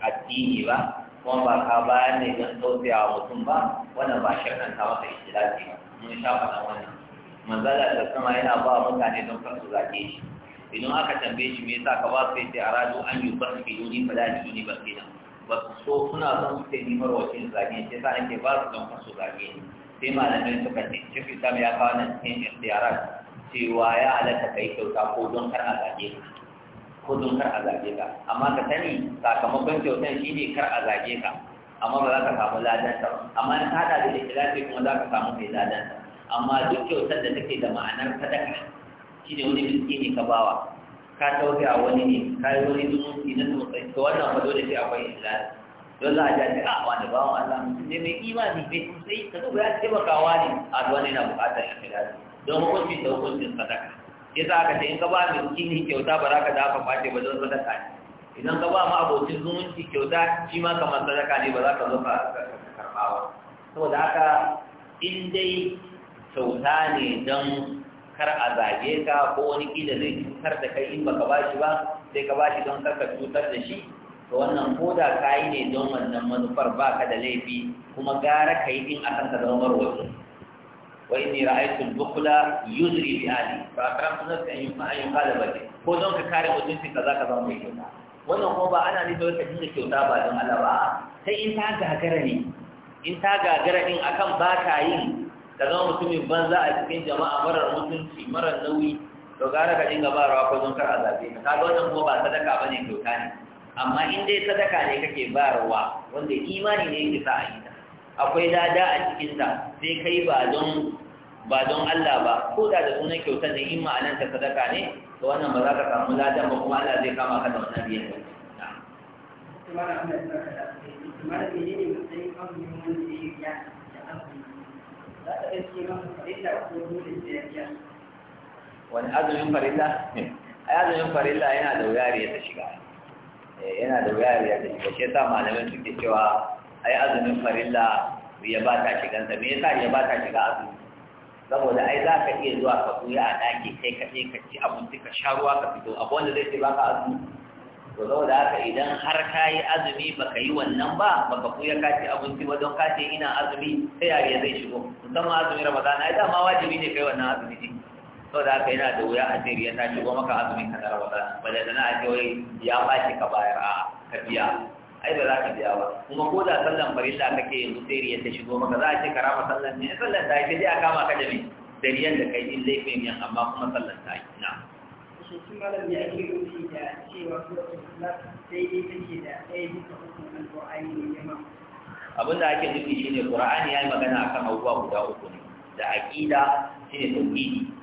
addini ba kuma ba ka bayar ne don tausaya wa mutum ba wannan ba shirkan ta wata istilafi ba mun sha faɗa wannan manzala ta sama yana ba mutane don kar su zage shi idan aka tambaye shi me yasa ka ba sai sai aradu an yi basfilu ni fala ni da basfila ba su so suna son su kai nimar wacin zage shi yasa nake ba su don kar su zage shi sai malamai suka ce cikin sam ya kawo nan cikin ikhtiyarat cewa ya halatta ka yi kyauta ko don kar a zage ka ko don kar a zage ka amma ka sani sakamakon kyautan shi ne kar a zage ka amma ba za ka samu ladan ta amma in ka hada da ikhlasi kuma za ka samu mai ladan ta amma duk kyautar da take da ma'anar sadaka shi ne wani miski ne ka bawa ka tauke a wani ne ka yi wani zumunci na sosai to wannan ba dole sai akwai islam don za a ja ta a ah, wani bawa Allah mutum ne mai imani mai sosai ka zo ya taimakawa ne a wani na bukatar islam don hukunci da hukuncin sadaka Ya yasa aka ce in ka ba miski ne kyauta ba za ka dafa kwace ba don sadaka ne idan ka ba ma abokin zumunci kyauta shi ma kamar sadaka ne ba za ka zo ka karɓa ba saboda haka in dai kyauta ne don kar a zage ka ko wani ƙila zai cutar da kai in baka ba shi ba sai ka ba shi don kar ka cutar da shi to wannan ko da ka yi ne don wannan manufar ba ka da laifi kuma gara ka yi in akan ka zama marwaci wa inni ra'aytu al-bukhla yuzri bi ali fa akramtu nafsi an yuqa an yuqala baki ko don ka kare mutunci ka zaka zama mai kyauta wannan ko ba ana nufin ka dinga kyauta ba don Allah ba sai in ta gagara ne in ta gagara din akan ba ka yi? ka zama mutumin banza a cikin jama'a marar mutunci marar nauyi to gara ka dinga ba rawa ko don kar a zabe ka kaga wannan kuma ba sadaka bane kyauta ne amma in dai sadaka ne kake ba bayarwa wanda imani ne yake sa a yi ta akwai lada a cikin ta sai kai ba don ba don Allah ba ko da da sunan kyauta ne in ma'ananta sadaka ne to wannan ba za ka samu ladan ba kuma Allah zai kama ka da wannan biyan kyauta. Tumara Allah ya saka da kuma da menene matsayin azumin wanda ya wani azumin farilla ai azumin farilla yana da wuya ya ta shiga eh, yana da wuya ya ta shiga shi sa malamin suke cewa ai azumin farilla ya ba ta shiganta, me yasa ya ba ta shiga azumi saboda ai za ka iya zuwa ka buya a daki kai kaɗai ka ci abinci ka sha ruwa ka fito abu wanda zai ce ba ka azumi to saboda haka idan har ka yi azumi baka yi wannan ba baka kuya ka ci abinci ba don ka ce ina azumi sai yare zai shigo musamman azumi ramadan ai dama wajibi ne kai wannan azumi din saboda haka yana da wuya a tsiri ya ta shigo maka azumi ka na ramadan ba da na ake wai ya bashi ka bayar a ka biya ai ba za ka biya ba kuma ko da sallan farilla kake yanzu tsiri ya ta shigo maka za a ce karama sallan ne sallan ta yi sai a kama ka da me da da kai in laifin yan amma kuma sallan ta yi na'am shi malam ya ke nufi da cewa suratul ikhlas daidai take da ɗaya bisa uku na qur'ani ne yamma abin da ake nufi shine qur'ani yayi magana akan abubuwa guda uku ne da aqida shine tauhidi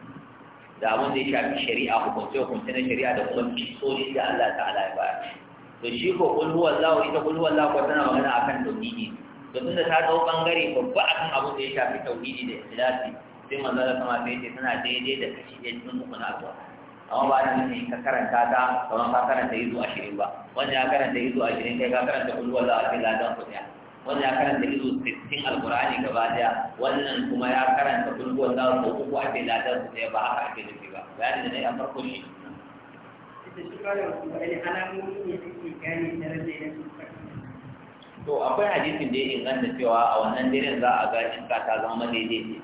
da abin da ya shafi shari'a hukunce hukunce na shari'a da kuma kisori da Allah ta'ala ya bayar to shi ko kul huwallahu ita kul huwallahu ko tana magana akan tauhidi domin da ta dau bangare babba akan abin da ya shafi tauhidi da ikhlasi sai manzo Allah sama sai ce tana daidai da kashi ɗaya cikin uku na alƙur'ani amma ba ni ne ka karanta ta kamar ka karanta izu ashirin ba wanda ya karanta izu ashirin kai ka karanta kulwa za a ce ladan ku ɗaya wanda ya karanta izu sittin alkur'ani gaba ɗaya wannan kuma ya karanta kulwa za a ko uku a ce ladan ku ɗaya ba haka ake nufi ba bayani da na yi a farko shi. to akwai hadisin da ya inganta cewa a wannan daren za a ga iska ta zama daidai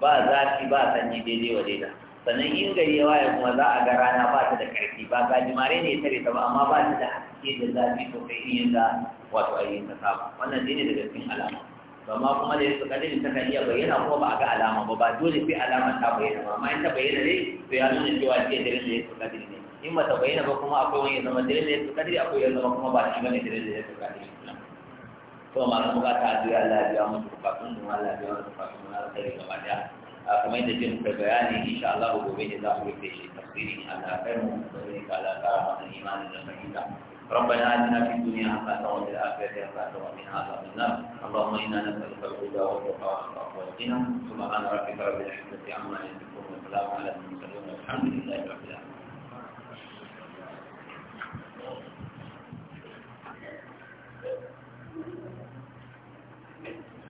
ba zafi ba sanyi daidai wa daidai sannan yin gari ya waye kuma za a ga rana ba ta da karfi ba ga jimare ne tare ta ba amma ba ta da haske da zafi ko sosai irin da wato ainihin ta saba wannan dai ne daga cikin alama to amma kuma da yake kadin ta kan iya bayyana ko ba a ga alama ba ba dole sai alama ta bayyana ba amma in ta bayyana ne to ya nuna cewa ce dare da yake kadin ne in ba ta bayyana ba kuma akwai wani ya zama dare da yake kadin akwai ya zama kuma ba shi bane dare da yake kadin to kuma ka ta duniya Allah ya biya musu bukatun mu Allah ya biya musu bukatun mu Allah na alkhairi gaba daya kamar yadda jin ka bayani insha Allah gobe ne za mu rufe shi tafsirin Allah kai mu gobe ka Allah ka mana imani da fahimta ربنا آتنا في الدنيا حسنة وفي الآخرة حسنة وقنا عذاب النار اللهم إنا نسألك الهدى والتقى والعفو والغنى سبحان ربك رب العزة عما يصفون وسلام على المرسلين والحمد لله رب العالمين